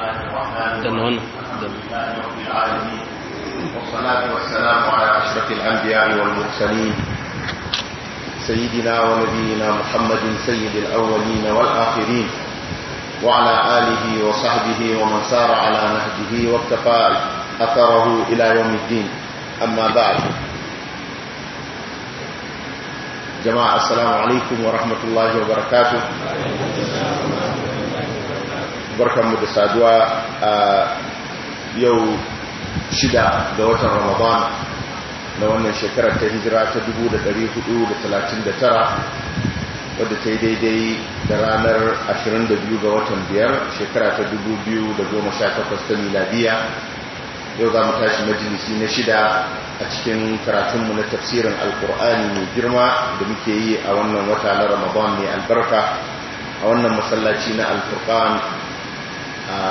رب العالمين والصلاة والسلام على أشرف الأنبياء والمرسلين سيدنا ونبينا محمد سيد الأولين والآخرين وعلى آله وصحبه ومن سار على نهجه واكتفى أثره إلى يوم الدين أما بعد جماعة السلام عليكم ورحمة الله وبركاته barkanmu da saduwa a yau shida ga watan ramadan na wannan shekarar ta hijira ta 439 wadda ta yi daidai da ranar 22 ga watan biyar shekara ta 2018 ta miladiya yau za mu tashi majalisi na shida a cikin karatunmu na tafsirin alkur'ani mai girma da muke yi a wannan wata na ramadan mai albarka a wannan masallaci na alfurkan a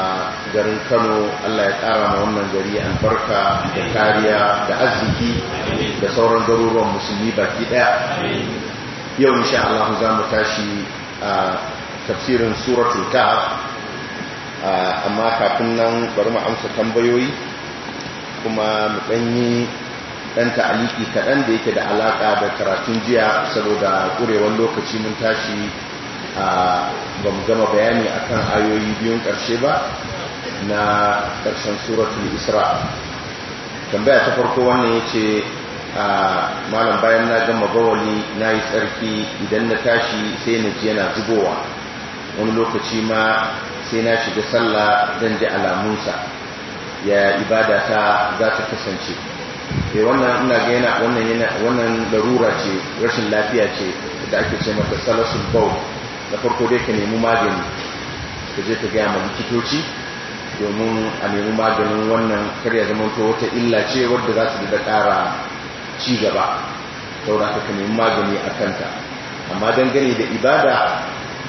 garin kano allah ya kara ma wannan gari albarka da kariya da arziki da sauran garuruwan musulmi baki daya yau insha Allah za mu tashi a tafsirin suratul kahf amma kafin nan bari mu amsa tambayoyi kuma mu danyi dan ta'aliki kaɗan da yake da alaƙa da karatun jiya saboda ƙurewar lokaci mun tashi ba mu gama bayani akan ayoyi biyun ƙarshe ba na ƙarshen suratul isra tambaya ta farko wannan ya ce malam bayan na gama bawali na yi tsarki idan na tashi sai na ji yana zubowa wani lokaci ma sai na shiga sallah zan ji alamunsa ya ibada ta za ta kasance e wannan ina ga yana wannan larura ce rashin lafiya ce da ake ce mata salasul bawl na farko dai ka nemi magani ka je ka gaya ma likitoci domin a nemi maganin wannan karya zamanto wata illa ce wadda za su da ƙara ci gaba saurata ka nemi magani a kanta amma dangane da ibada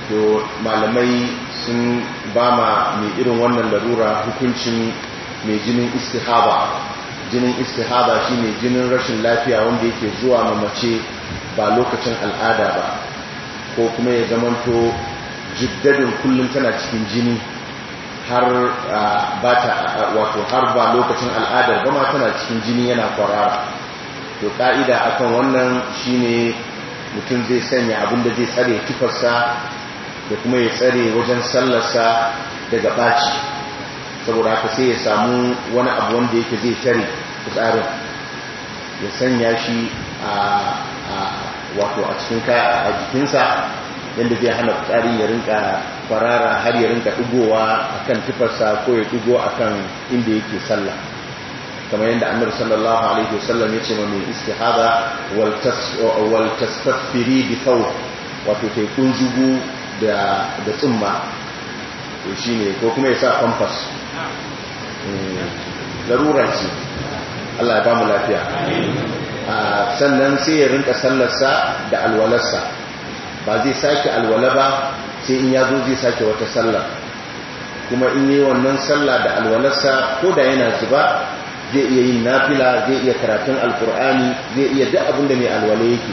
to malamai sun ba ma mai irin wannan larura hukuncin mai jinin istihaba jinin istihaba shi mai jinin rashin lafiya wanda yake zuwa mamace ba lokacin al'ada ba ko kuma ya zamanto jiddadin kullum tana cikin jini har ba ta wato har ba lokacin al'adar ba ma tana cikin jini yana kwarara to ka'ida akan wannan shine mutum zai sanya abinda zai tsare tufarsa da kuma ya tsare wajen sallarsa daga ɓaci saboda haka sai ya samu wani abu wanda yake zai tare tsarin ya sanya shi a wato a cikin ka a jikinsa yadda zai hana fitsari ya rinka farara har ya rinka ɗigowa a kan tufarsa ko ya ɗigo a kan inda yake sallah kamar yadda amir sallallahu alaihi wasallam ya ce ma mai istihada wal bi wato kai kunjugu da tsumma tsumma shi ne ko kuma ya sa pampas eh, larura ce Allah ya ba mu lafiya sannan sai ya rinka sallarsa da alwalarsa ba zai sake alwala ba sai in ya zo zai sake wata sallar kuma in yi wannan sallah da alwalarsa ko da yana zuba zai iya yin nafila zai iya karatun alkur'ani zai iya duk abin da mai alwala yake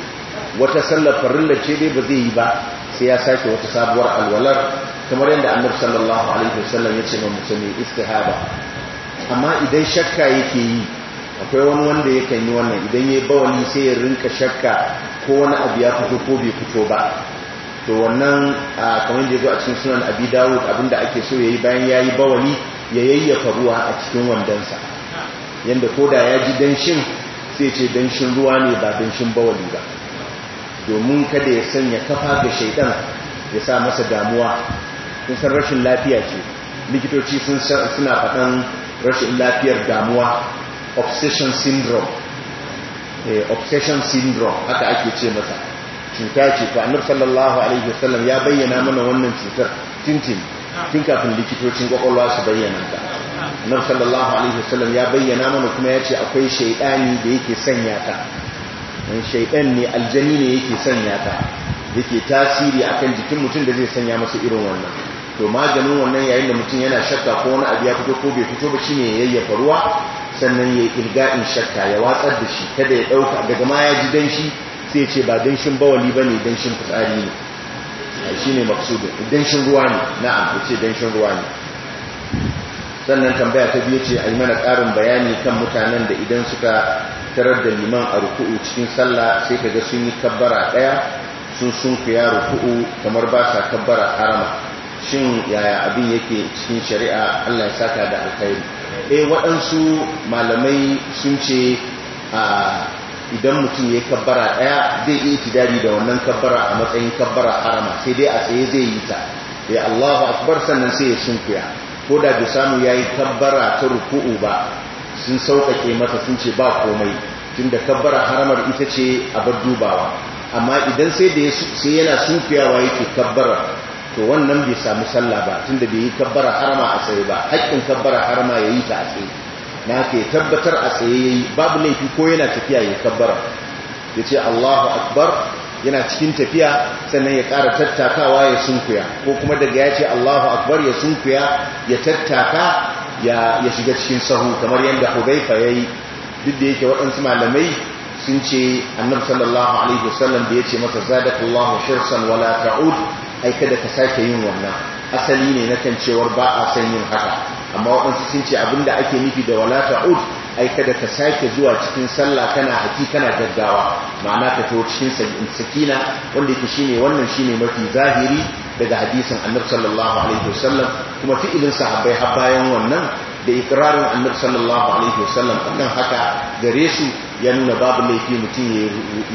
wata sallar farilla ce dai ba zai yi ba sai ya sake wata sabuwar alwalar kamar yadda annabi sallallahu alaihi wasallam ya ce ma musulmi istihada amma idan shakka yake yi akwai wani wanda ya kan yi wannan idan ya wani sai ya rinka shakka ko wani abu ya fito ko bai fito ba to wannan kamar da ya zo a cikin sunan abi dawud abinda ake so ya yi bayan ya yi bawali ya yayyafa ruwa a cikin wandonsa yadda ko da ya ji danshin sai ce danshin ruwa ne ba danshin bawani ba domin kada ya sanya kafa ga shaidan ya sa masa damuwa kun san rashin lafiya ce likitoci sun suna faɗan rashin lafiyar damuwa obsession syndrome eh, obsession syndrome haka ake ce masa cuta ce to annabi sallallahu alaihi wasallam ya bayyana mana wannan cutar tintin tun kafin likitocin kwakwalwa su bayyana ta annabi sallallahu alaihi wasallam ya bayyana mana kuma ya ce akwai shaidani da yake sanya ta shaidan ne aljani ne yake sanya ta yake tasiri akan jikin mutum da zai sanya masa irin wannan to maganin wannan yayin da mutum yana shakka ko wani abu ya fito ko bai fito ba shine yayyafa ruwa sannan ya yi in shakka ya watsar da shi kada ya ɗauka daga ma ya ji danshi sai ce ba danshin bawali ba ne danshin fitsari ne shi ne maksudin danshin ruwa ne na'am ya ce danshin ruwa ne sannan tambaya ta biyu ce a yi mana ƙarin bayani kan mutanen da idan suka tarar da liman a ruku'u cikin sallah sai kaga sun yi kabbara ɗaya sun sun kuya ruku'u kamar ba sa kabbara harama shin yaya abin yake cikin shari'a allah ya saka da alkhairi eh waɗansu malamai sun ce idan mutum ya yi kabbara ɗaya zai iya tidari da wannan kabbara a matsayin kabbara harama sai dai a tsaye zai yi ta ya Allahu akbar sannan sai ya sunkuya ko da bai samu yi kabbara ta ruku'u ba sun sauƙaƙe masa sun ce ba komai tun da kabbara haramar ita ce a bar dubawa amma idan sai da sai yana sunkuyawa yake kabbara to wannan bai samu sallah ba tunda bai yi kabbara harama a tsaye ba haƙƙin kabbara harama ya yi ta a tsaye na ke tabbatar a tsaye ya yi babu laifi ko yana tafiya ya kabbara ya ce allahu akbar yana cikin tafiya sannan ya ƙara tattakawa ya sunkuya ko kuma daga ya ce allahu akbar ya sunkuya ya tattaka ya shiga cikin sahu kamar yadda hudaifa ya yi duk da yake waɗansu malamai sun ce annabi sallallahu alaihi wasallam da ya ce masa zadakallahu shirsan wala ta'ud ai kada ka sake yin wannan asali ne na kan cewar ba a san yin haka amma waɗansu sun ce abinda ake nufi da wala ta'ud ai kada ka sake zuwa cikin sallah kana haki kana gaggawa ma'ana ka to cikin sakina wanda yake shine wannan shine mafi zahiri daga hadisin annabi sallallahu alaihi wasallam kuma fi'ilin sahabbai har bayan wannan da ikrarin annabi sallallahu alaihi wasallam kan haka gare shi ya nuna babu laifi mutum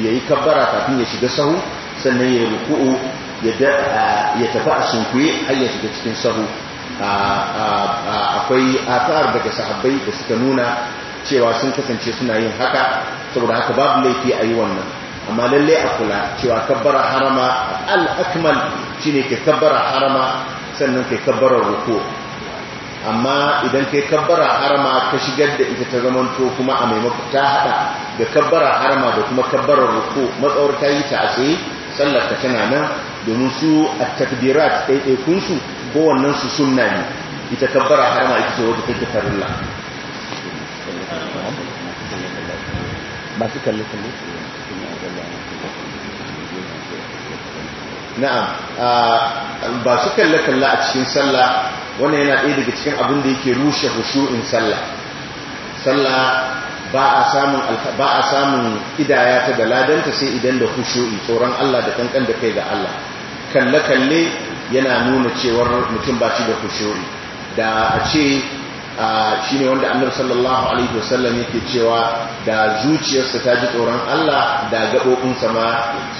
yayi kabbara kafin ya shiga sahu sannan ya ruku'u Ah, ya tafi a sunkuye har da cikin sahu ah, ah, akwai atar daga sahabbai da suka nuna cewa sun kasance suna yin haka saboda haka babu laifi a yi wannan amma lalle a kula cewa kabbara harama al'akmal shi ne ke kabbara harama sannan ke kabbara roko amma idan ke kabbara harama ka shigar da ita ta zamanto kuma a maimakon ta hada da kabbara harama da kuma kabbara ruko matsawar ta yi ta a tsaye sallar ta tana nan domin su a takbirat ɗaiɗaikunsu ko wannan su sunna ne ita kabbara harama ita ce wata take rula masu kalle kalli na'am ba su kalli kalle a cikin sallah wannan yana ɗaya daga cikin abin da yake rushe hushu'in sallah sallah ba a samun idaya ta da ladanta sai idan da hushu'i tsoron Allah da kankan da kai ga Allah kalle-kalle yana nuna cewar mutum ba shi da hushu'i da a ce shi ne wanda annar sallallahu alaihi wasallam yake cewa da zuciyarsa ta ji tsoron Allah da gaɓoɓinsa ma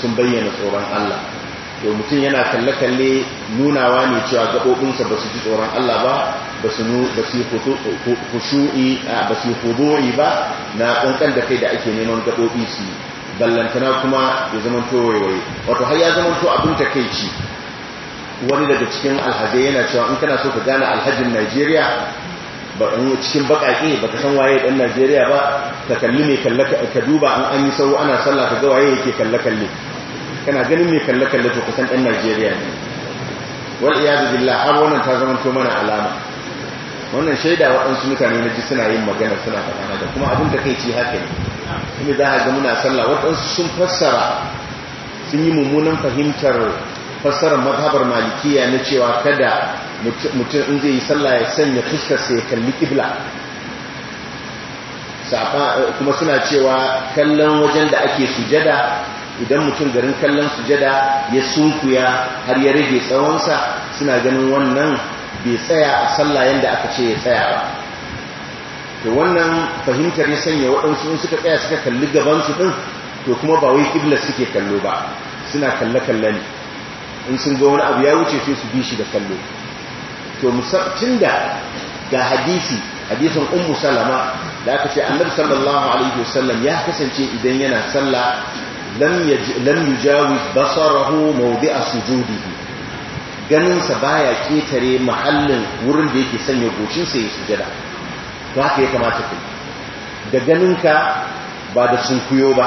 sun bayyana tsoron Allah to mutum yana kalle-kalle nunawa ne cewa gaɓoɓinsa ba su ji tsoron Allah ba ba su khushu'i ba ba na kankan da kai da ake neman gadobi su ballantana kuma ya zama to waiwaye wato har ya zama to abin ci wani daga cikin alhaji yana cewa in kana so ka gane alhajin Najeriya ba in cikin ba ka san waye dan Najeriya ba ka kalli mai kalle ka duba an an yi sau ana sallah ka ga waye yake kalle kalle kana ganin mai kalle kalle to san ɗan Najeriya ne wal iyad billah har wannan ta zama to mana alama wannan shaida waɗansu mutane na ji suna yin magana suna faɗa da kuma abin da kai ci haka ne inda za a ga muna sallah waɗansu sun fassara sun yi mummunan fahimtar fassarar mazhabar malikiya na cewa kada mutum in zai yi sallah ya sanya fuskar sai ya kalli kibla kuma suna cewa kallon wajen da ake sujada idan mutum garin kallon sujada ya sunkuya har ya rage tsawonsa suna ganin wannan bai tsaya a sallah yadda aka ce ya tsaya ba to wannan fahimtar ya sanya waɗansu in suka tsaya suka kalli gabansu ɗin to kuma ba wai ƙibla suke kallo ba suna kalle-kalle ne in sun ga wani abu ya wuce sai su bi shi da kallo to musabtin da ga hadisi hadisin ummu salama da aka ce annabi sallallahu alaihi wasallam ya kasance idan yana sallah lam yajawiz basarahu mawdi'a sujudihi ganinsa baya ketare muhallin wurin da yake sanya goshinsa ya sujada to haka ya kamata kai da ganinka ba da sunkuyo ba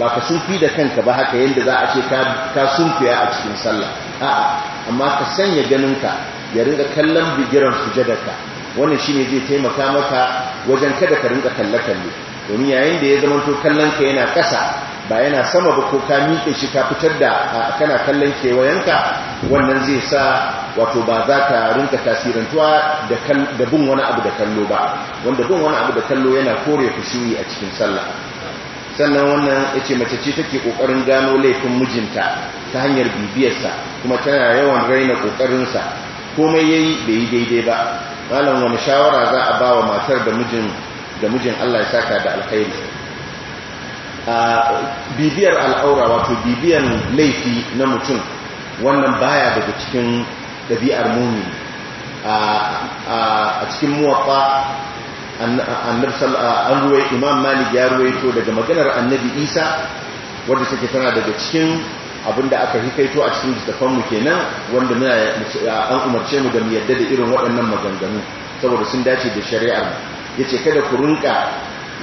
ba ka sunfi da kanka ba haka yadda za a ce ka sunkuya a cikin sallah a'a amma ka sanya ganinka ya rinka kallon bigiran sujadarka wannan shine zai taimaka maka wajen kada ka rinka kalle kalle domin yayin da ya zama to kallon ka yana ƙasa ba yana sama ba ko ka miƙe shi ka fitar da kana kallon kewayenka wannan zai sa wato ba za ka rinka tasirantuwa da bin wani abu da kallo ba wanda bin wani abu da kallo yana kore kushuri a cikin sallah sannan wannan ya ce mace ce take ƙoƙarin gano laifin mijinta ta hanyar bibiyarsa kuma tana yawan raina ƙoƙarinsa komai ya yi bai yi daidai ba malam wani shawara za a ba wa matar da mijin Allah ya saka da alkhairi bibiyar al'aura wato bibiyar laifi na mutum wannan baya daga cikin ɗabi'ar muni a cikin muwaɓa an ruwa imam malik ya ruwaito daga maganar annabi isa wadda take tana daga cikin abinda aka hikaito a cikin littafanmu kenan wanda an umarce mu da mu yadda da irin waɗannan maganganu saboda sun dace da shari'ar ya ce kada ku rinka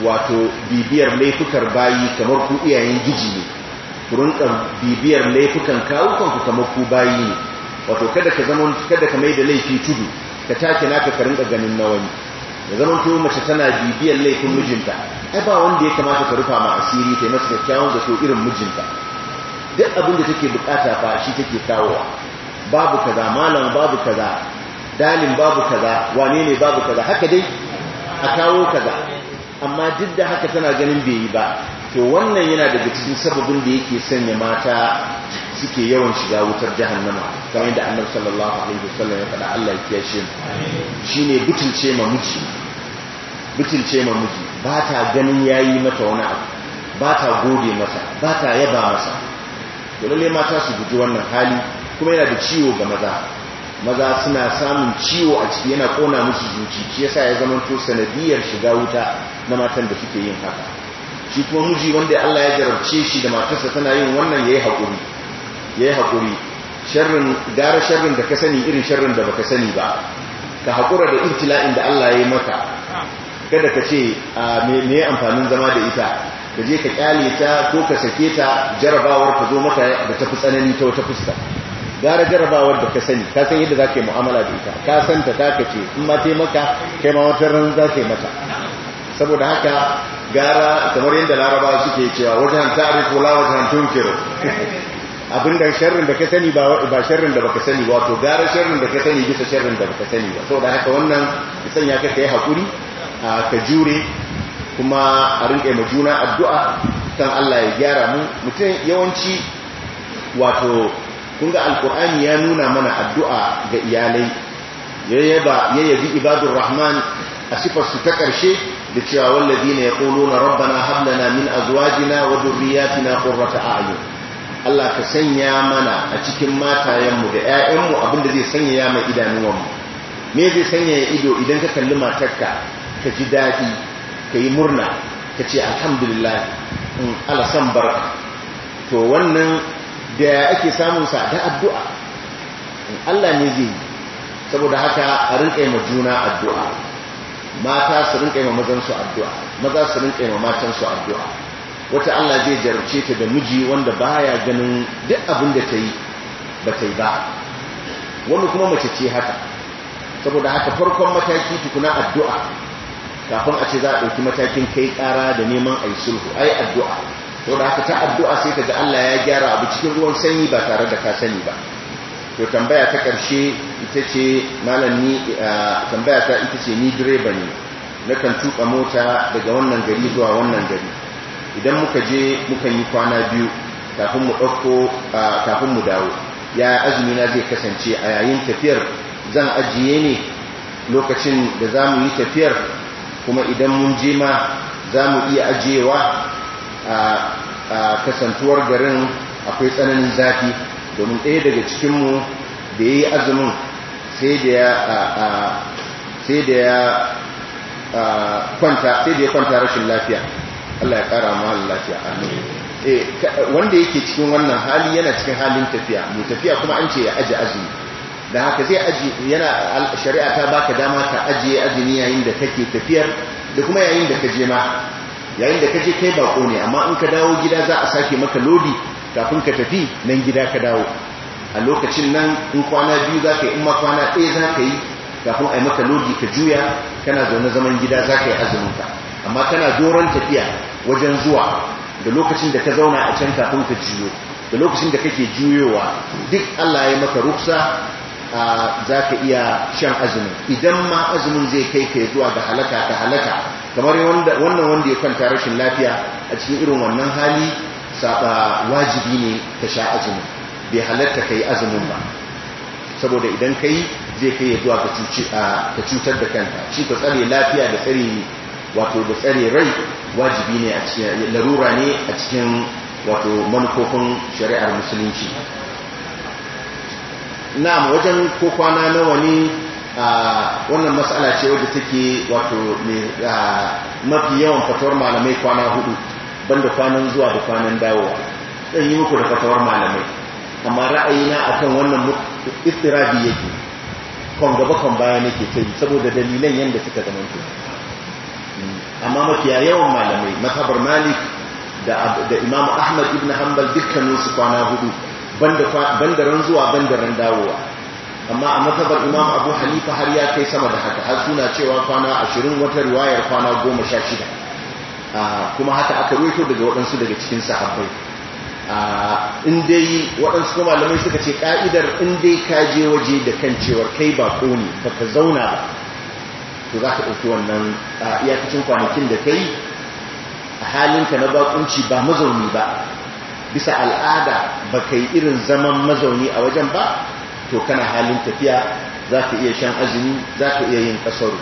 wato bibiyar laifukan bayi kamar ku iyayen giji ne ku bibiyar laifukan kawukan kamar ku bayi ne wato kada ka zama kada ka mai da laifi tudu ka take naka ka rinka ganin na wani ya zama to mace tana bibiyar laifin mijinta ai ba wanda ya kamata ka rufa ma asiri ta masa kyakkyawan zato irin mijinta duk abin da take bukata fa shi take kawowa babu kaza malam babu kaza dalin babu kaza wane ne babu kaza haka dai a kawo kaza amma duk da haka tana ganin bai yi ba to wannan yana daga cikin sababin da yake sanya mata suke yawan shiga wutar jahannama kamar yadda annabi sallallahu alaihi wasallam ya faɗa Allah ya kiyashe mu shine butulce ma miji butulce ma miji ba ta ganin yayi mata wani abu ba ta gode masa ba ta yaba masa to lalle mata su guji wannan hali kuma yana da ciwo ga maza maza suna samun ciwo a ciki yana kona musu zuci shi yasa ya zama to sanadiyar shiga wuta na matan da suke yin haka shi kuma miji wanda Allah ya jarabce shi da matarsa tana yin wannan yayi hakuri yayi hakuri sharrin gara sharrin da ka sani irin sharrin da baka sani ba ka hakura da irtila'in da Allah ya yi maka kada ka ce me amfanin zama da ita ka je ka kyale ta ko ka sake ta jarabawar ka zo maka da ta fi tsanani ta wata fuska gara jarabawar da ka sani ka san yadda za yi mu'amala da ita ka san ta ta kace in ma taimaka kai ma wata ran za ka yi mata saboda haka gara kamar yadda laraba suke cewa wajen ta'arifu la wajen tunkiru abin da sharrin da ka sani ba sharrin da baka sani wato gara sharrin da ka sani bisa sharrin da baka sani saboda haka wannan san ya kai hakuri ka jure kuma a rinƙe ma juna addu'a kan Allah ya gyara mu mutum yawanci wato kun ga alkur'ani ya nuna mana addu'a ga iyalai ya yabi ibadur rahman a su ta ƙarshe da cewa wallazi ne ya ƙolo na rabbana hablana min azwajina wa durriyatina qurrata a'yun Allah ka sanya mana a cikin matayenmu da abin da zai sanya ya mai idanuwanmu me zai sanya ya ido idan ka kalli matarka ka ji daɗi ka yi murna ka ce alhamdulillah in ala san barka to wannan da ake samun sa da addu'a Allah ne zai saboda haka a rinƙa ma juna addu'a mata su rinƙa ma mazansu addu'a maza su rinƙa matansu addu'a wata Allah zai jarabce ta da miji wanda baya ganin duk abin da ta yi ba ta yi ba wani kuma mace ce haka saboda haka farkon mataki tukuna addu'a kafin a ce za a ɗauki matakin kai ƙara da neman a sulhu ai addu'a to da aka ta addu'a sai kaga Allah ya gyara abu cikin ruwan sanyi ba tare da ka sani ba to tambaya ta karshe ita ce malam ni tambaya ta ita ce ni direba ne na kan tuka mota daga wannan gari zuwa wannan gari idan muka je mukan yi kwana biyu kafin mu dauko kafin mu dawo ya azumi na zai kasance a yayin tafiyar zan ajiye ne lokacin da zamu yi tafiyar kuma idan mun je ma za mu iya ajiyewa kasantuwar garin akwai tsananin zafi domin ɗaya daga cikinmu da ya yi azumin sai da ya kwanta rashin lafiya Allah ya ƙara mahal lafiya Amin. Eh, wanda yake cikin wannan hali yana cikin halin tafiya mai tafiya kuma an ce ya aji azumi da haka zai aji yana shari'a ta baka dama ka ajiye azumi yayin da kake tafiyar da kuma yayin da ka je ma yayin da ka je kai bako ne amma in ka dawo gida za a sake maka lodi kafin ka tafi nan gida ka dawo a lokacin nan in kwana biyu za ka yi in ma kwana ɗaya za ka yi kafin a yi maka lodi ka juya kana zaune zaman gida za ka yi ka amma kana doron tafiya wajen zuwa da lokacin da ka zauna a can kafin ka juyo da lokacin da kake juyowa duk Allah ya maka ruksa za ka iya shan azumin idan ma azumin zai kai kai zuwa ga halaka ta halaka kamar wannan wanda ya kwanta rashin lafiya a cikin irin wannan hali saba wajibi ne ka sha azumi bai halatta ka azumin ba saboda idan kai zai kai ya zuwa ka cutar da kanta shi ka tsare lafiya da tsare wato da tsare rai wajibi ne a cikin larura ne a cikin wato manufofin shari'ar musulunci na wajen ko kwana nawa ne Ah, wannan matsala ce wadda take wato ah, mafi yawan fatawar malamai kwana hudu banda kwanan zuwa da kwanan dawowa ɗan yi muku da fatawar malamai amma ra'ayina a kan wannan istirabi yake kan gaba kan baya nake ta saboda dalilan yadda suka zamanta amma mafiya yawan malamai matabar malik da imamu ahmad ibn hanbal su kwana hudu banda ran zuwa banda ran dawowa amma a matsabar imam abu hanifa har ya kai sama da haka har suna cewa kwana ashirin wata riwayar kwana goma sha shida ah, kuma haka aka ruwaito daga waɗansu daga cikin sahabbai ah, in dai waɗansu kuma malamai suka ce ƙa'idar in dai ka je waje da kan cewar kai ba ko ne ba ka zauna ba to za ka ɗauki wannan ah, iyakacin kwanakin da ka yi. a halinka na baƙunci ba mazauni ba bisa al'ada ba kai irin zaman mazauni a wajen ba to kana halin tafiya za ka iya shan azumi za ka iya yin kasaru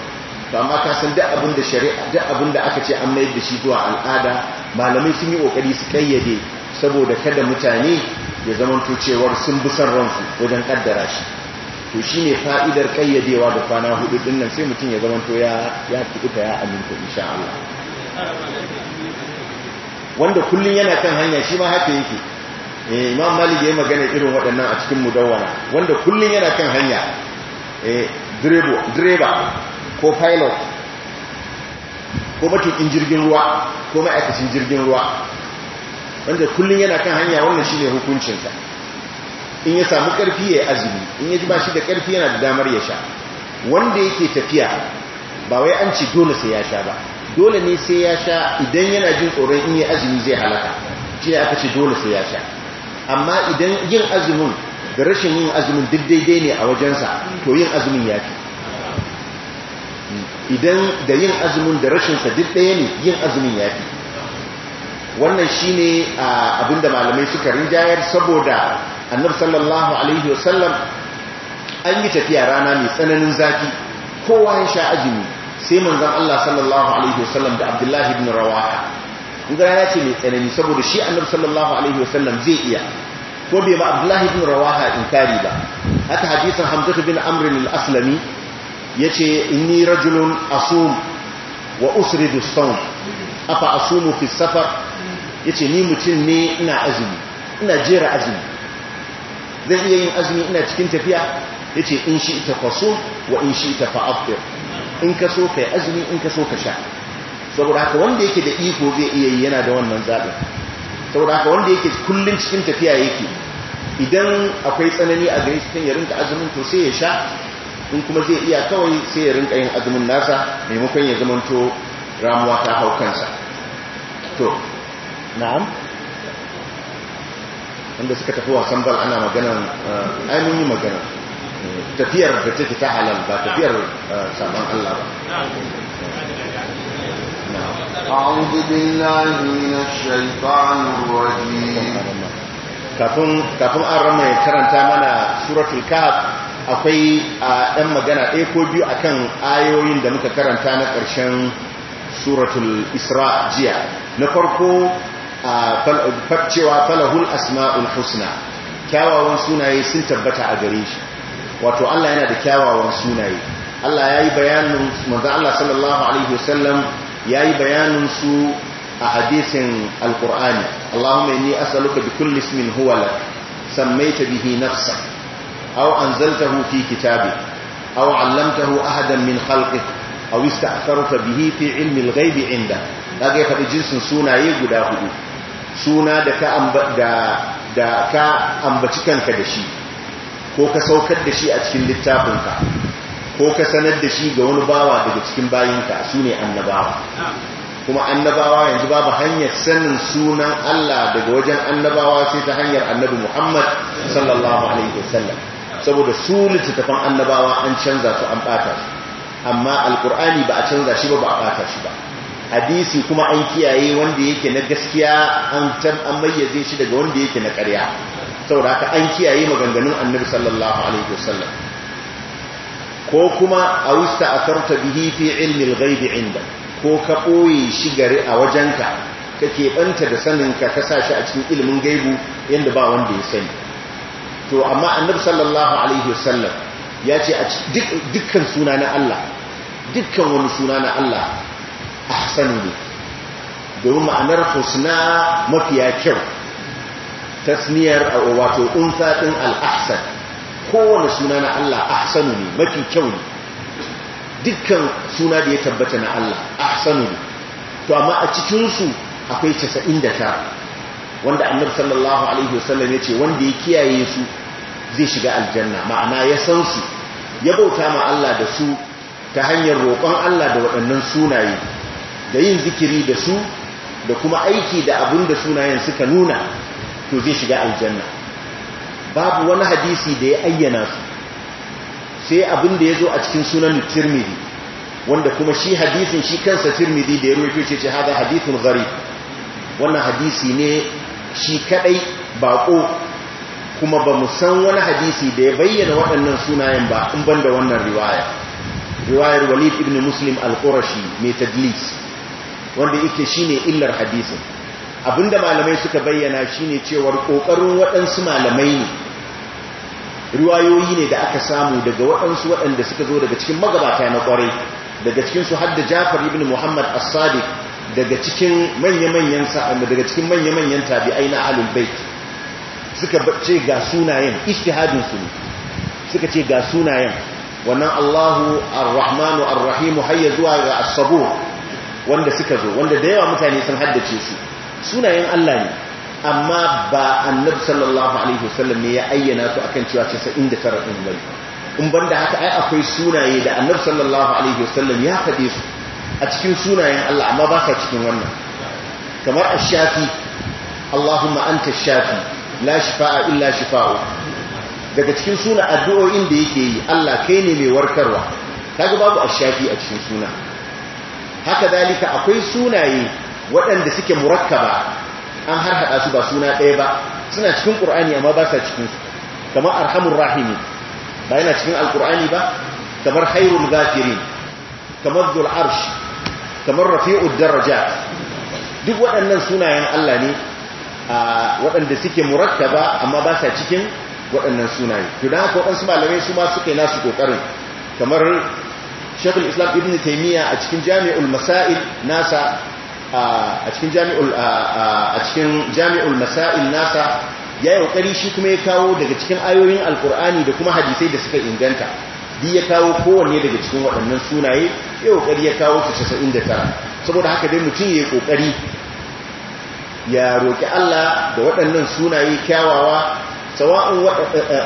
to amma ka san duk abin da shari'a duk abin da aka ce an mayar da shi zuwa al'ada malamai sun yi kokari su kayyade saboda kada mutane ya zama to cewar sun bi san ransu wajen kaddara shi to shine fa'idar kayyadewa da kwana hudu din nan sai mutum ya zama to ya ya fita ya aminta insha Allah wanda kullun yana kan hanya shi ma haka yake Eh, imam malik ya yi magana irin waɗannan a cikin mudawwana wanda kullum yana kan hanya eh, direba ko pilot ko matukin jirgin ruwa ko ma'aikacin jirgin ruwa wanda kullum yana kan hanya wannan shi ne hukuncinsa in ya samu ƙarfi ya azumi in ya ji ba shi da ƙarfi yana da damar ya sha wanda yake tafiya ba wai an ci dole sai ya sha ba dole ne sai ya sha idan yana jin tsoron in yi azumi zai halaka shi aka ce dole sai ya sha amma idan yin azumin da rashin yin azumin duk daidai ne a wajensa to yin azumin ya fi idan da yin azumin da rashinsa duk ɗaya ne yin azumin ya fi wannan shi ne abinda malamai suka rinjayar saboda annabi sallallahu alaihi wasallam an yi tafiya rana mai tsananin zafi kowa ya sha azumi sai manzan Allah sallallahu alaihi wasallam da abdullahi bin rawa. in ga rana ce mai tsanani saboda shi annabi sallallahu alaihi wasallam zai iya ko bai ba abdullahi bin rawaha inkari ba haka hadisin hamzatu bin amr al-aslami yace inni rajulun asum wa usridu as-sawm afa asumu fi safar yace ni mutum ne ina azumi ina jera azumi zan iya yin azumi ina cikin tafiya yace in shi ita faso wa in shi ita fa'afir in ka so kai azumi in ka so ka sha saboda haka wanda yake da iko zai iya yi yana da wannan zaɓin saboda haka wanda yake kullum cikin tafiya yake idan akwai tsanani a gani cikin ya rinka azumin to sai ya sha in kuma zai iya kawai sai ya rinka yin azumin nasa maimakon ya zamanto ramuwa ta hau kansa to na'am wanda suka tafi wasan bal ana maganan eh, ainihin yi magana tafiyar da ta take ta halal ba tafiyar eh, saman Allah ba أعوذ بالله من الشيطان الرجيم kafin kafin an rama ya karanta mana suratul kahf akwai a ɗan magana ɗaya ko biyu akan ayoyin da muka karanta na ƙarshen suratul isra jiya na farko a cewa falahul asma'ul husna kyawawan sunaye sun tabbata a gare shi wato Allah yana da kyawawan sunaye Allah ya yi bayanin manzan Allah sallallahu Alaihi wasallam yayi bayanin su a hadisin alqur'ani Allahumma inni as'aluka bi kulli ismin huwa lak sammaita bihi nafsak aw anzaltahu fi kitabi aw 'allamtahu ahadan min khalqik aw ista'tharta bihi fi 'ilmi al-ghaib 'indak kaga ya faɗi jinsin sunaye guda hudu suna da ka da ka ambaci kanka da shi ko ka saukar da shi a cikin littafinka ko ka sanar da shi ga wani bawa daga cikin bayinka su ne annabawa kuma annabawa yanzu babu hanyar sanin sunan Allah daga wajen annabawa sai ta hanyar annabi Muhammad sallallahu alaihi wasallam saboda su littattafan annabawa an canza su an bata su amma alkur'ani ba a canza shi ba ba a bata shi ba hadisi kuma an kiyaye wanda yake na gaskiya an tan an mayyaze shi daga wanda yake na ƙarya saboda haka an kiyaye maganganun annabi sallallahu alaihi wasallam ko kuma a wista a farta bihi fi ilmin ghaibi inda ko ka ɓoye shi gari a wajenka ka banta da saninka ka sa shi a cikin ilimin gaibu yadda ba wanda ya sani to amma annabi sallallahu alaihi wasallam ya ce a dukkan suna na Allah dukkan wani suna na Allah ahsanu ne domin ma'anar husna mafiya kyau tasniyar wato unsa din al-ahsan kowane suna na Allah ahsanu ne mafi kyau ne dukkan suna da ya tabbata na Allah ahsanu ne to amma a cikinsu akwai casa'in da ta wanda annabi sallallahu alaihi wasallam ya ce wanda ya kiyaye su zai shiga aljanna ma'ana ya san su ya bauta ma Allah da su ta hanyar roƙon Allah da waɗannan sunaye da yin zikiri da su da kuma aiki da abin da sunayen suka nuna to zai shiga aljanna babu wani hadisi da ya ayyana su sai abin da ya zo a cikin sunan tirmidhi wanda kuma shi hadisin shi kansa tirmidhi da ya rufe ce ce haɗa hadithun gari wannan hadisi ne shi kaɗai baƙo kuma ba mu san wani hadisi da ya bayyana waɗannan sunayen ba in ban da wannan riwaya riwayar walid ibn muslim al-qurashi mai tadlis wanda yake shine illar hadisin abinda malamai suka bayyana shine cewar kokarin waɗansu malamai ne riwayoyi ne da aka samu daga waɗansu waɗanda suka zo daga cikin magabata na ƙwarai daga cikinsu su jafar ibn muhammad as-sadiq daga cikin manya-manyan daga cikin manya-manyan tabi'ai na ahlul suka ce ga sunayen ijtihadin ne suka ce ga sunayen wannan Allahu ar-rahmanu ar rahimu hayya zuwa ga as wanda suka zo wanda da yawa mutane sun haddace su sunayen Allah ne amma ba annabi sallallahu alaihi wasallam ne ya ayyana su akan cewa 99 din bane in banda haka ai akwai sunaye da annabi sallallahu alaihi wasallam ya faɗe su a cikin sunayen Allah amma ba ka cikin wannan kamar ash-shafi Allahumma anta ash-shafi la shifaa illa shifaa daga cikin suna addu'o'in da yake yi Allah kai ne mai warkarwa kaga babu ash-shafi a cikin suna haka dalika akwai sunaye waɗanda suke murakkaba an harhaɗa su ba suna ɗaya ba suna cikin ƙur'ani amma ba sa kamar arhamur rahimi ba yana cikin alƙur'ani ba kamar hairun zafirin kamar zul arsh kamar rafi'ud daraja duk waɗannan sunayen Allah ne waɗanda suke murattaba amma ba sa cikin waɗannan sunaye to dan haka waɗansu malamai su ma suka nasu kokarin kamar Sheikh Islam Ibn Taymiyyah a cikin Jami'ul Masail nasa a cikin jami'ul a cikin jami'ul masail nasa ya yi kokari shi kuma ya kawo daga cikin ayoyin alkur'ani da kuma hadisai da suka inganta bi ya kawo kowanne daga cikin waɗannan sunaye ya kokari ya kawo su 99 saboda haka dai mutum ya yi kokari ya roki Allah da waɗannan sunaye kyawawa sawa'un eh, eh,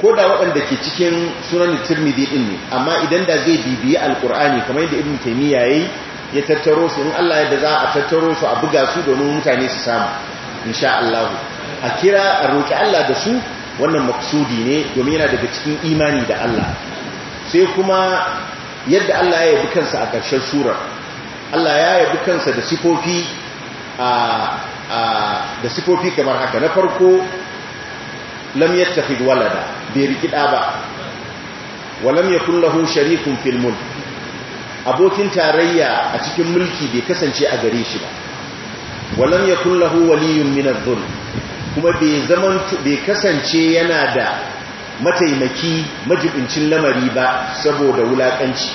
ko da waɗanda ke cikin sunan tirmidhi din ne amma idan da zai bibiyi alkur'ani kamar yadda ibn taymiya yayi ya tattaro su in Allah yadda za a tattaro su a buga su domin mutane su samu insha Allah a kira a roƙi Allah da su wannan maksudi ne domin yana daga cikin imani da Allah sai kuma yadda Allah ya yabi kansa a ƙarshen surar Allah ya yabi kansa da sifofi da sifofi kamar haka na farko lam yattakhid walada bai riki ba wa lam yakul lahu sharikun fil abokin tarayya a cikin mulki bai kasance a gare shi ba walam yakun lahu waliyun min adh-dhulm kuma bai zaman bai kasance yana da mataimaki majibincin lamari ba saboda wulakanci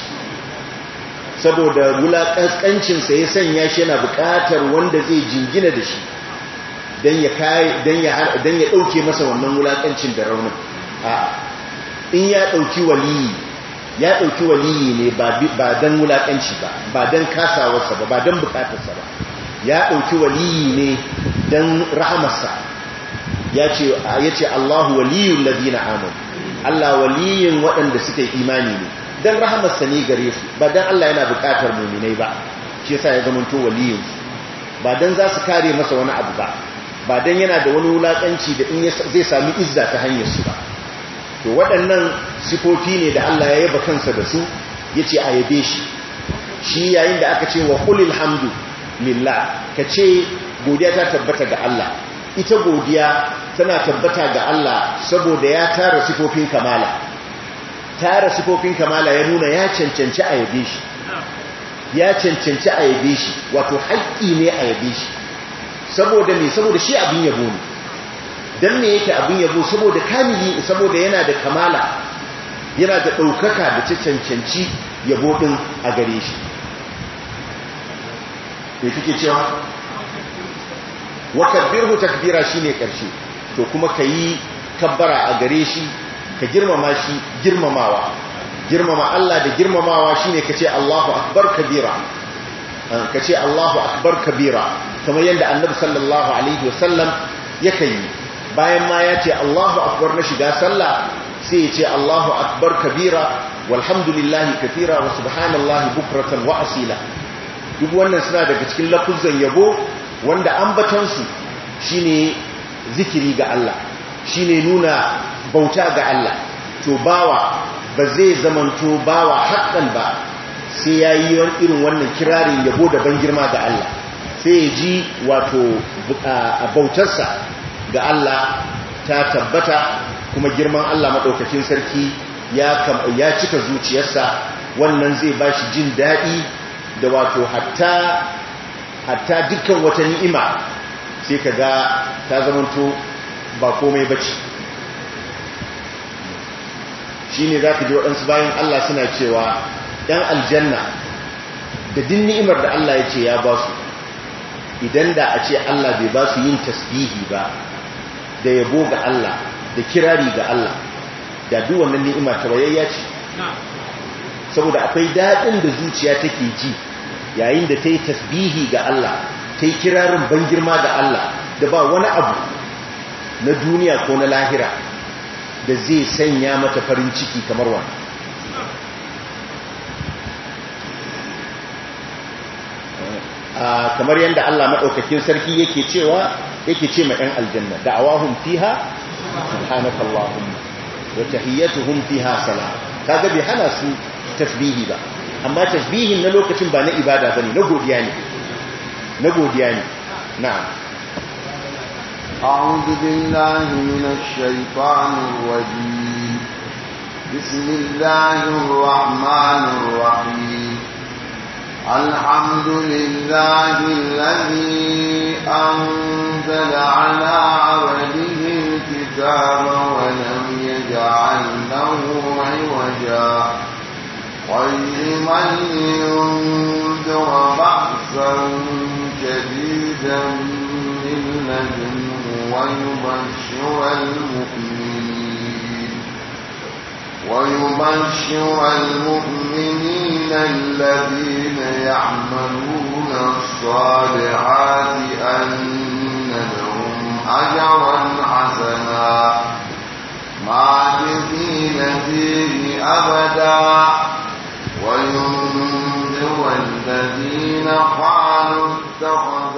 saboda wulakancin sa ya sanya shi yana bukatar wanda zai jingina da shi dan ya kai dan ya dan ya dauke masa wannan wulakancin da raunin a in ya dauki waliyi ya ɗauki waliyi ne ba don wulaƙanci ba ba don kasawarsa ba ba don bukatarsa ba ya ɗauki waliyi ne don rahamarsa ya ce allahu waliyun ladina amon allah waliyin waɗanda suka yi imani ne dan rahamarsa ne gare su ba don allah yana bukatar muminai ba shi yasa ya zamanto waliyinsu ba don za su kare masa wani abu ba ba don yana da wani wulaƙanci da in zai sami izza ta hanyar su ba to waɗannan sifofi ne da Allah ya yaba kansa da su ya ce a yabe shi shi yayin da aka ce wa kulil hamdu lillah ka ce godiya ta tabbata ga Allah ita godiya tana tabbata ga Allah saboda ya tara sifofin kamala tara sifofin kamala ya nuna ya cancanci a yabe shi ya cancanci a yabe shi wato haƙƙi ne a yabe shi saboda me saboda shi abin yabo ne dan ne yake abin yabo saboda kamili saboda yana da kamala yana da ɗaukaka da cancanci yabo din a gare shi me kike cewa wa kabira takbira shine karshe to kuma kayi kabbara a gare shi ka girmama shi girmamawa girmama Allah da girmamawa shine kace Allahu akbar kabira ah, kace Allahu akbar kabira kamar yadda Annabi sallallahu alaihi wasallam yake yi bayan ma ya ce Allahu akbar na shiga sallah sai ya ce Allahu akbar kabira walhamdulillahi kafira wa subhanallahi bukratan wa asila duk wannan suna daga cikin lafuzan yabo wanda ambaton su shine zikiri ga Allah shine nuna bauta ga Allah to bawa ba zai zamanto bawa haƙan ba sai yayi irin wannan kirarin yabo da ban girma ga Allah sai ya ji wato a bautarsa ga Allah ta tabbata kuma girman Allah maɗaukacin sarki ya cika zuciyarsa wannan zai ba shi jin daɗi da wato hatta dukkan wata ni'ima sai ka ga ta zamanto ba komai ba ce. shi ne za ka ji waɗansu bayan Allah suna cewa ɗan aljanna da din ni'imar da Allah ya ce ya ba su idan da a ce Allah bai ba su yin tasbihi ba da yabo ga Allah da kirari ga Allah da duk wannan ni'ima tawayayya ce saboda akwai daɗin da zuciya take ji yayin da tayi yi tasbihi ga Allah tayi kirarin ban girma ga Allah da ba wani abu na duniya ko na lahira da zai sanya mata farin ciki kamar wannan kamar yadda Allah maɗaukakin sarki yake cewa yake ce ma 'yan aljanna da'awahum fiha subhanakallahumma wa tahiyyatuhum fiha salam kaga bai hana su tasbihi ba amma tasbihin na lokacin ba na ibada bane na godiya ne na godiya ne na'am أعوذ بالله من الشيطان الرجيم بسم الله الرحمن الرحيم الحمد لله الذي أنزل على عبده الكتاب ولم يجعل له عوجا قيما ينذر بأسا شديدا من لدنه ويبشر المؤمنين ويبشر المؤمنين الذين يعملون الصالحات أن لهم أجرا حسنا معجزين فيه أبدا وينذر الذين قالوا اتخذوا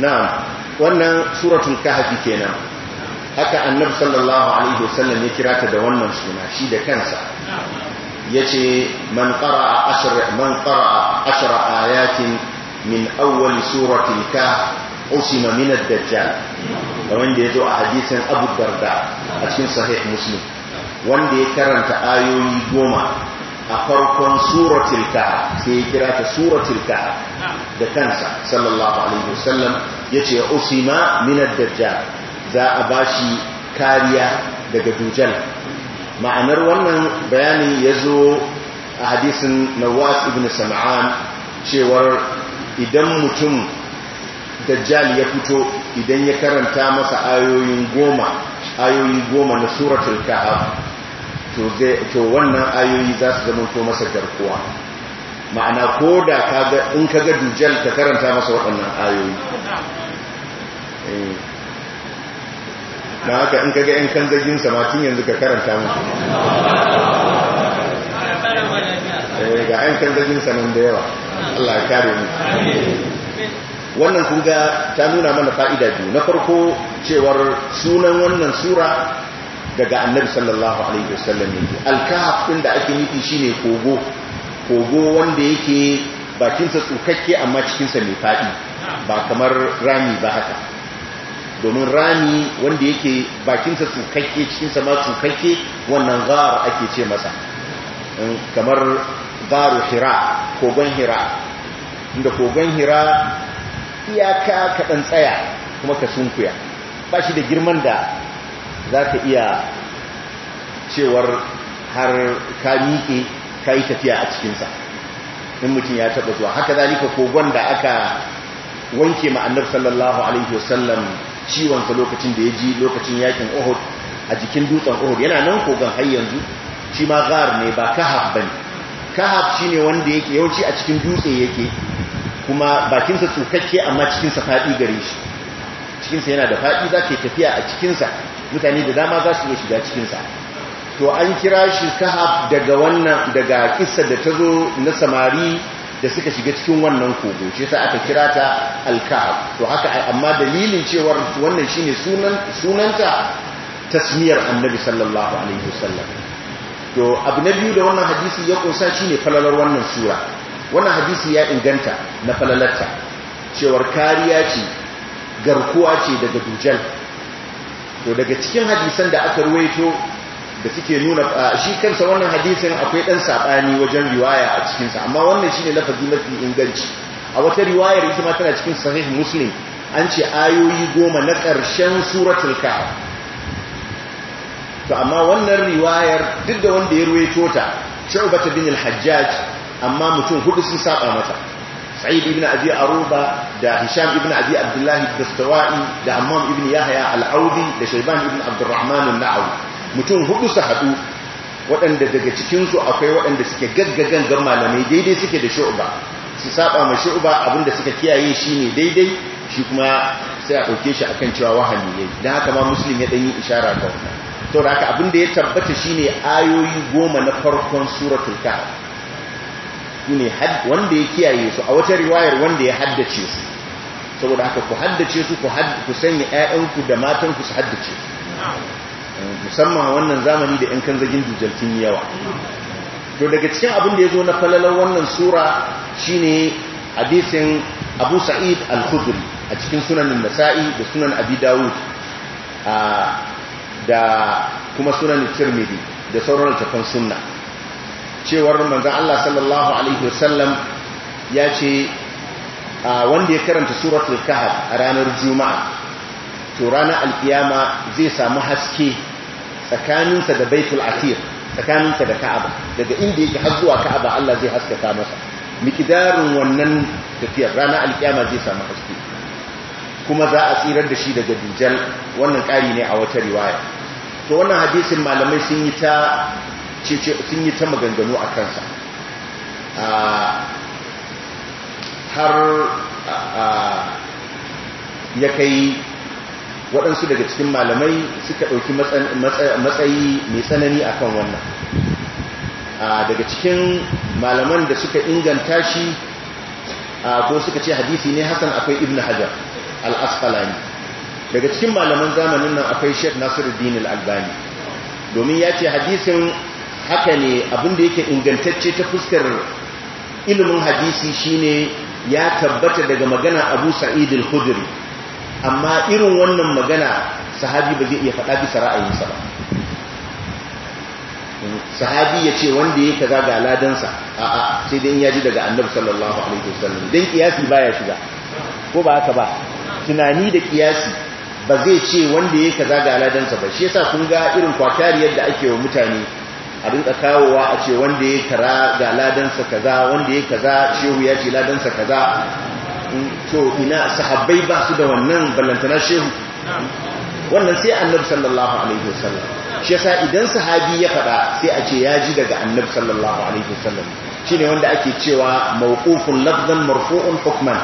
na'am wannan suratul kahfi kenan haka annabi sallallahu alaihi wasallam ya kira ta da wannan suna shi da kansa yace man qara'a ashr man qara'a ayatin min awwal suratil kahf usima min ad-dajjal wanda yazo a hadisin Abu Darda a cikin sahih Muslim wanda ya karanta ayoyi goma a farkon suratul kahf sai ya kira ta suratul kahf da kansa sallallahu alaihi wasallam yace usima min ad-dajjal za a bashi kariya daga dujal ma'anar wannan bayani yazo a hadisin Nawas ibn Sam'an cewar idan mutum dajjal ya fito idan ya karanta masa ayoyin goma ayoyin goma na suratul kahf to wannan ayoyi za su zama to masa garkuwa ma'ana ko da in ka ga dujjal ka karanta masa waɗannan ayoyi eh. na haka in ka ga ‘yan kan zagin samatin yanzu ka karanta masa eh, ga ‘yan kan zagin saman da yawa Allah ya kare mu wannan kunga ta nuna mana fa'ida biyu na farko cewar sunan wannan sura daga annabi sallallahu alaihi wasallam yake alkaf din da ake nufi shine kogo kogo wanda yake bakinsa tsukakke amma cikinsa mai faɗi ba kamar rami ba haka domin rami wanda yake bakinsa tsukakke cikinsa ma tsukakke wannan a ake ce masa kamar gharu hira kogon hira inda kogon hira iyaka kaɗan tsaya kuma ka sunkuya ba shi da girman da za ka iya cewar har ka miƙe ka yi tafiya a cikinsa in mutum ya taɓa zuwa haka zalika kogon da aka wanke ma'anar sallallahu alaihi wasallam ciwonsa lokacin da ya ji lokacin yakin ohud a jikin dutsen ohud yana nan kogon har yanzu shi ma ghar ne ba kahab ba ne kahab shi ne wanda yake yawanci a cikin dutse yake kuma bakinsa tsukakke amma cikinsa faɗi gare shi cikinsa yana da faɗi za ka yi tafiya a cikinsa mutane da dama za su iya shiga cikinsa to an kira shi kahaf daga wannan daga kissa da ta zo na samari da suka shiga cikin wannan kogo ce ta aka kira ta alkahaf to haka amma dalilin cewar wannan shi ne sunanta tasmiyar annabi sallallahu alaihi wasallam to abu na biyu da wannan hadisi ya kunsa ne falalar wannan sura wannan hadisi ya inganta na falalarta cewar kariya ce garkuwa ce daga dujal to daga cikin hadisan da aka ruwaito da suke nuna shi kansa wannan hadisin akwai dan sabani wajen riwaya a cikin sa amma wannan shine lafazi mafi inganci a wata riwayar ita ma tana cikin sahih muslim an ce ayoyi goma na ƙarshen suratul kahf to amma wannan riwayar duk da wanda ya ruwaito ta shaubata bin al-hajjaj amma mutum hudu sun saba mata sa'id ibn abi aruba da hisham ibn abi abdullahi ad-dastawai da ammam ibn yahya al-audi da shayban ibn abdurrahman an-na'awi mutum hudu su haɗu. waɗanda daga cikin su akwai waɗanda suke gaggagan ga malamai daidai suke da shu'ba su saba ma shu'ba abinda suka kiyaye shine daidai shi kuma sai a dauke shi akan cewa wahani ne dan haka ma muslim ya dan yi isharar ga wannan saboda haka abinda ya tabbata shine ayoyi goma na farkon suratul kahf shine wanda ya kiyaye su a wata riwayar wanda ya haddace su saboda haka ku haddace su ku ku sanya ƴaƴanku da matanku su haddace su musamman wannan zamani da ƴan kanzagin dujaltin yawa to daga cikin abin da ya zo na falalar wannan sura shine hadisin Abu Sa'id Al-Khudri a cikin sunan Nasa'i da sunan Abi Dawud da kuma sunan Tirmidhi da sauran littattafan sunna cewar manzan Allah sallallahu alaihi wasallam ya ce wanda ya karanta suratul kahf a ranar juma'a to ranar alkiyama zai samu haske tsakaninsa da baitul atir tsakaninsa da ka'aba daga inda yake har ka'aba Allah zai ta masa mikidarin wannan tafiyar ranar alkiyama zai samu haske kuma za a tsirar da shi daga dujal wannan ƙari ne a wata riwaya to wannan hadisin malamai sun yi ta sun yi ta maganganu a kansa har ya kai waɗansu daga cikin malamai suka ɗauki matsayi mai tsanani akan wannan daga cikin malaman da suka inganta shi ko suka ce hadisi ne Hassan akwai ibn hajar al asfalani daga cikin malaman zamanin nan akwai sheikh Nasiru dinil albani domin ya ce hadisin haka ne abinda yake ingantacce ta fuskar ilimin hadisi shine ya tabbata daga magana abu sa'id al amma irin wannan magana sahabi ba zai iya faɗa bisa ra'ayinsa ba sahabi ya ce wanda ya kaza ga ladansa a'a sai dai ya ji daga annabi sallallahu alaihi wasallam dan kiyasi baya shiga ko ba haka ba tunani da kiyasi ba zai ce wanda ya kaza ga ladansa ba shi yasa kun ga irin kwatariyar da ake wa mutane a duka kawowa a ce wanda ya kara ga ladansa kaza wanda ya kaza shehu ya ce ladansa kaza mm, to ina sahabbai ba su da wannan ballantana shehu wannan sai annabi sallallahu alaihi wasallam shi yasa idan sahabi ya fada sai a ce ya ji daga annabi sallallahu alaihi wasallam shine wanda ake cewa mawqufun lafzan marfu'un hukman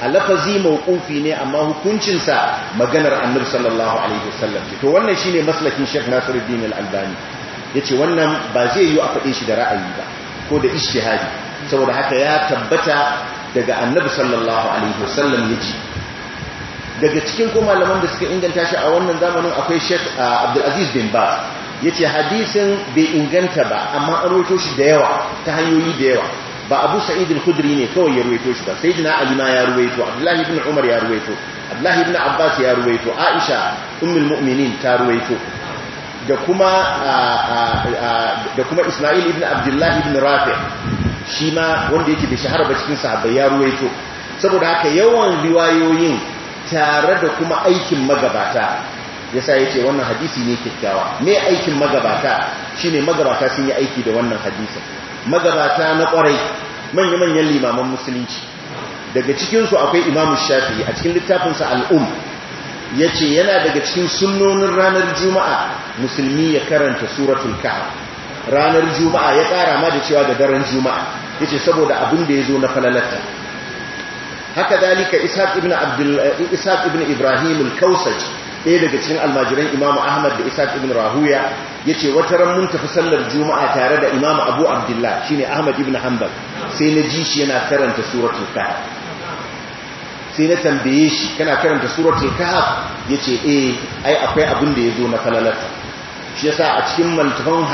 a lafazi mawqufi ne amma hukuncinsa maganar annabi sallallahu alaihi wasallam to wannan shine maslakin Sheikh Nasiruddin Al-Albani yace wannan ba zai yi a faɗe shi da ra'ayi ba ko da ishtihadi saboda haka ya tabbata daga annabi sallallahu alaihi wasallam yace daga cikin ko malaman da suka inganta shi a wannan zamanin akwai Sheikh uh, Abdulaziz Bin bin ya ce hadisin bai inganta ba amma an roto shi da yawa ta hanyoyi da yawa ba Abu Sa'id al-Khudri ne kawai ya ruwaito shi ba Sayyidina Ali ma ya ruwaito Abdullahi ibn Umar ya ruwaito Abdullahi ibn Abbas ya ruwaito Aisha ummul mu'minin ta ruwaito. da kuma Ismail ibn Abdullah ibn Rafi shi ma wanda yake da shahara ba cikin sahabbai ya ruwaito saboda haka yawan riwayoyin tare da kuma aikin magabata yasa yace wannan hadisi ne kyakkyawa me aikin magabata shine magabata sun yi aiki da wannan hadisin magabata na kwarai manya-manyan limaman musulunci daga cikinsu akwai imamu shafi'i a cikin littafinsa al'um ya ce yana daga cikin sunnonin ranar juma'a musulmi ya karanta suratul kahf ranar juma'a ya kara ma da cewa da daren juma'a ya ce saboda abin da ya zo na falalata haka dalika isaac ibn ibrahim al-kausaj ɗaya daga cikin almajiran imamu ahmad da isaac ibn rahuya ya ce wata ran mun tafi sallar juma'a tare da imamu abu abdullah shine ahmad ibn hanbal sai na ji shi yana karanta suratul kahf sai na tambaye shi kana karanta suratul kahf yace eh ai akwai abin da yazo na falalarsa shi yasa a cikin mantafan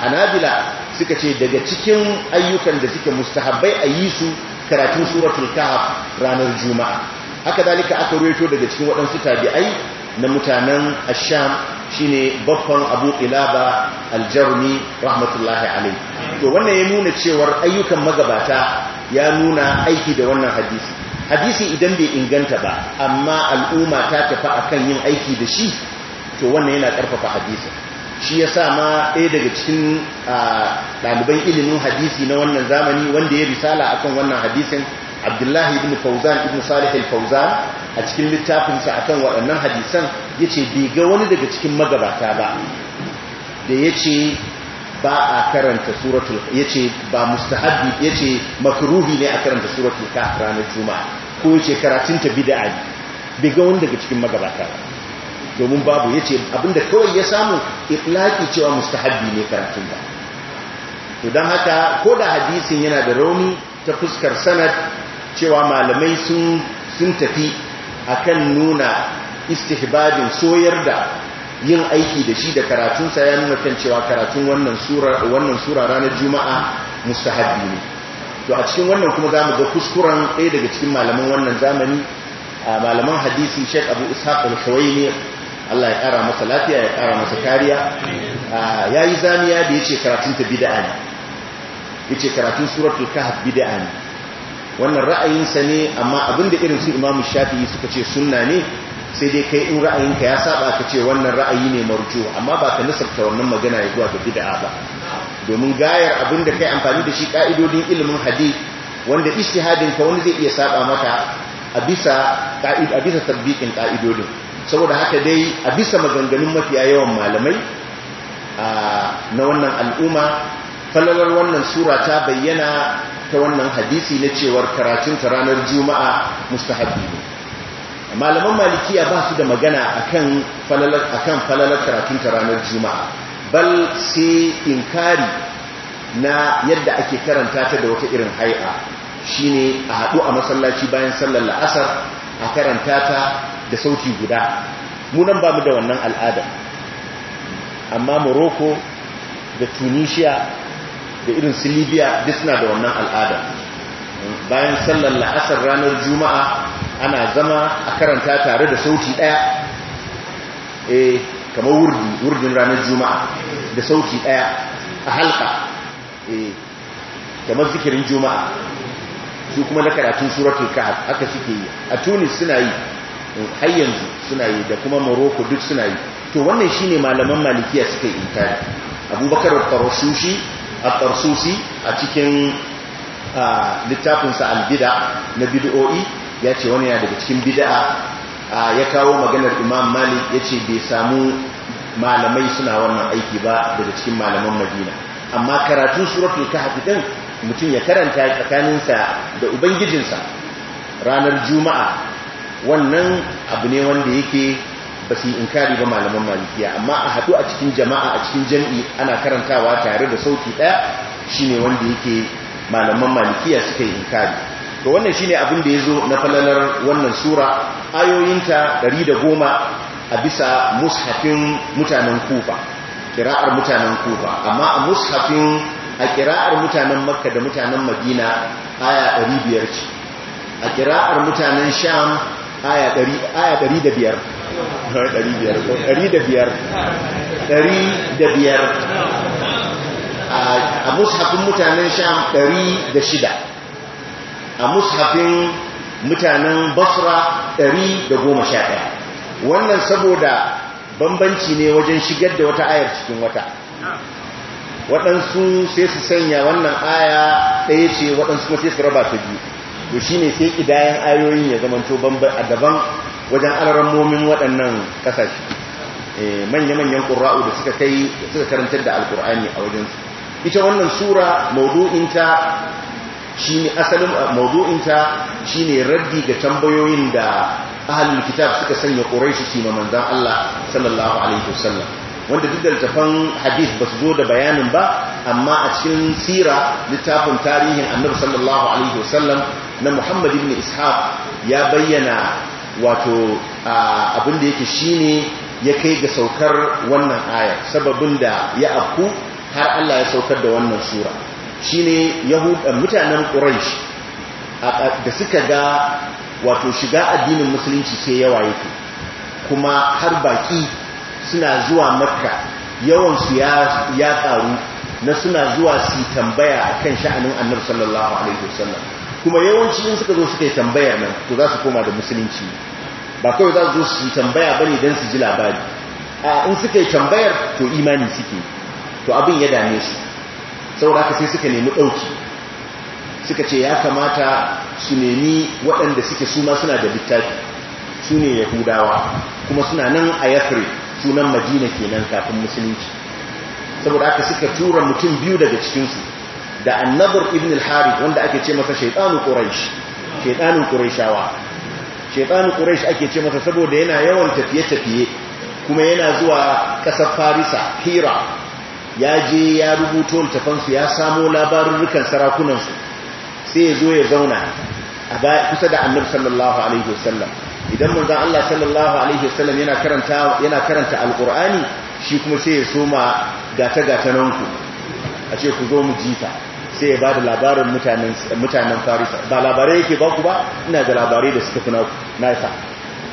hanabila suka ce daga cikin ayyukan da suke mustahabbai a yi su karatun suratul kahf ranar juma'a haka dalika aka ruwaito daga cikin waɗansu tabi'ai na mutanen asham shine baffan abu ilaba aljarmi rahmatullahi alai to wannan ya nuna cewar ayyukan magabata ya nuna aiki da wannan hadisi hadisi idan bai inganta ba amma al'umma ta tafi akan yin aiki da shi to wannan yana karfafa hadisi shi yasa ma ɗaya daga cikin ɗaliban ilimin hadisi na wannan zamani wanda ya risala akan wannan hadisin abdullahi ibn fauzan ibn salih al-fauzan a cikin littafinsa akan waɗannan hadisan ya ce bai ga wani daga cikin magabata ba da yace ba a karanta suratul ya ce ba ya yace makruhi ne a karanta suratul kaf ranar juma'a ko ce karatun ta bid'a ne bai ga wanda daga cikin magabata domin babu ya ce abinda kawai ya samu iflaki cewa mustahabi ne karatun ba to don haka ko da hadisin yana da rauni ta fuskar sanad cewa malamai sun sun tafi akan nuna istihbabin soyar da yin aiki da shi da karatunsa ya nuna kan cewa karatun wannan sura wannan sura ranar juma'a mustahabbi ne to a cikin wannan kuma zamu ga kuskuren ɗaya daga cikin malaman wannan zamani malaman hadisi Sheikh Abu Ishaq al-Khawaini Allah ya kara masa lafiya ya kara masa kariya yayi zamiya da yace karatun ta bid'a ne yace karatun suratul kahf bid'a ne wannan ra'ayinsa ne amma abinda irin su Imam Shafi'i suka ce sunna ne sai dai kai in ra'ayinka ya saba ka ce wannan ra'ayi ne marju amma ba ka nisarta wannan magana ya zuwa ga bid'a ba domin gayar abin da kai amfani da shi ka'idodin ilimin hadith wanda ijtihadin ka wani zai iya saba maka a bisa ka'id a bisa tabbiqin ka'idodin saboda haka dai a bisa maganganun mafiya yawan malamai na wannan al'umma falalar wannan sura ta bayyana ta wannan hadisi na cewar karatun ta ranar juma'a mustahabbi ne malaman malikiya ba su da magana a kan akan falalar karatun ranar juma'a bal sai inkari na yadda ake karanta ta da wata irin hai'a shine a haɗu a masallaci bayan sallar la'asar a karanta ta da sauti guda munan ba mu da wannan al'ada amma morocco da tunisia da irin su libya duk suna da wannan al'ada bayan sallar la'asar ranar juma'a ana zama a karanta tare da sauti ɗaya e kamar wurdi wurdin ranar juma'a da sauti ɗaya a halka e eh, kama zikirin juma'a su kuma na karatun suratul kahf haka suke yi a tunis suna yi har yanzu suna yi da kuma morocco duk suna yi to wannan shine malaman malikiya suka yi tare abubakar al a a cikin ah, littafinsa albida bida na bid'o'i ya ce wani yana daga cikin bida'a ya kawo maganar imam malik ya ce bai samu malamai suna wannan aiki ba daga cikin malaman madina amma karatun ka kahfi din mutum ya karanta tsakaninsa da ubangijinsa ranar juma'a wannan abu ne wanda yake ba su inkari ba malaman malikiya amma a haɗu a cikin jama'a a cikin jam'i ana karantawa tare da sauki ɗaya shine wanda yake malaman malikiya suka yi inkari to wannan shine abin da yazo na falalar wannan sura ayoyinta 110 a bisa mushafin mutanen kufa kira'ar mutanen kufa amma a mushafin a kira'ar mutanen makka da mutanen madina aya 500 ce a kira'ar mutanen sham aya 100 a mushafin mutanen sham 106 a mushafin mutanen basra 111 wannan saboda bambanci ne wajen shigar da wata ayar cikin wata waɗansu sai su sanya wannan aya ɗaya ce waɗansu kuma sai su raba su biyu to shi ne sai ƙidayen ayoyin ya zama to a daban wajen momin waɗannan ƙasashe eh, manya-manyan ƙura'u da suka kai suka karantar da alƙur'ani a wajensu ita wannan sura maudu'inta ne asalin mawudu'inta shi shine raddi ga tambayoyin da ahalin kitab suka sanya quraishi su ma manzon Allah sallallahu alaihi wasallam wanda duk da littafan hadith ba su zo da bayanin ba amma a cikin sira littafin tarihin annabi sallallahu alaihi wasallam na Muhammad ibn Ishaq ya bayyana wato abin da yake ne ya kai ga saukar wannan ayar sababin da ya afku har Allah ya saukar da wannan sura Shi ne eh, mutanen quraish da suka ga wato shiga addinin musulunci sai yawa yake kuma har baki suna zuwa makka yawansu ya tsaru na suna zuwa su tambaya akan sha'anin annar sallallahu alaihi wasallam kuma yawanci in suka zo suka yi tambaya nan to za su koma da musulunci ba kawai za su zo su tambaya bane dan su ji labari a in suka yi tambayar to imani suke to abin ya dame su saboda haka sai suka nemi ɗauki suka ce ya kamata su nemi waɗanda suke suma suna da littafi su ne yahudawa kuma suna nan a yafri sunan madina kenan kafin musulunci saboda haka suka tura mutum biyu daga cikinsu da annabar ibn al hari wanda ake ce masa shaitanu quraish shaitanu quraishawa shaitanu quraish ake ce masa saboda yana yawan tafiye-tafiye kuma yana zuwa ƙasar farisa hira ya je ya rubuto littafansu ya samo labarurrukan sarakunansu sai ya zo ya zauna a kusa da annabi sallallahu alaihi wasallam idan manzon Allah sallallahu alaihi wasallam yana karanta al'kur'ani shi kuma sai ya soma gata gatananku a ce ku zo mu jita sai ya bada labarin mutanen mutanen Farisa ba labarai yake ba ku ba ina da labarai da suka fi na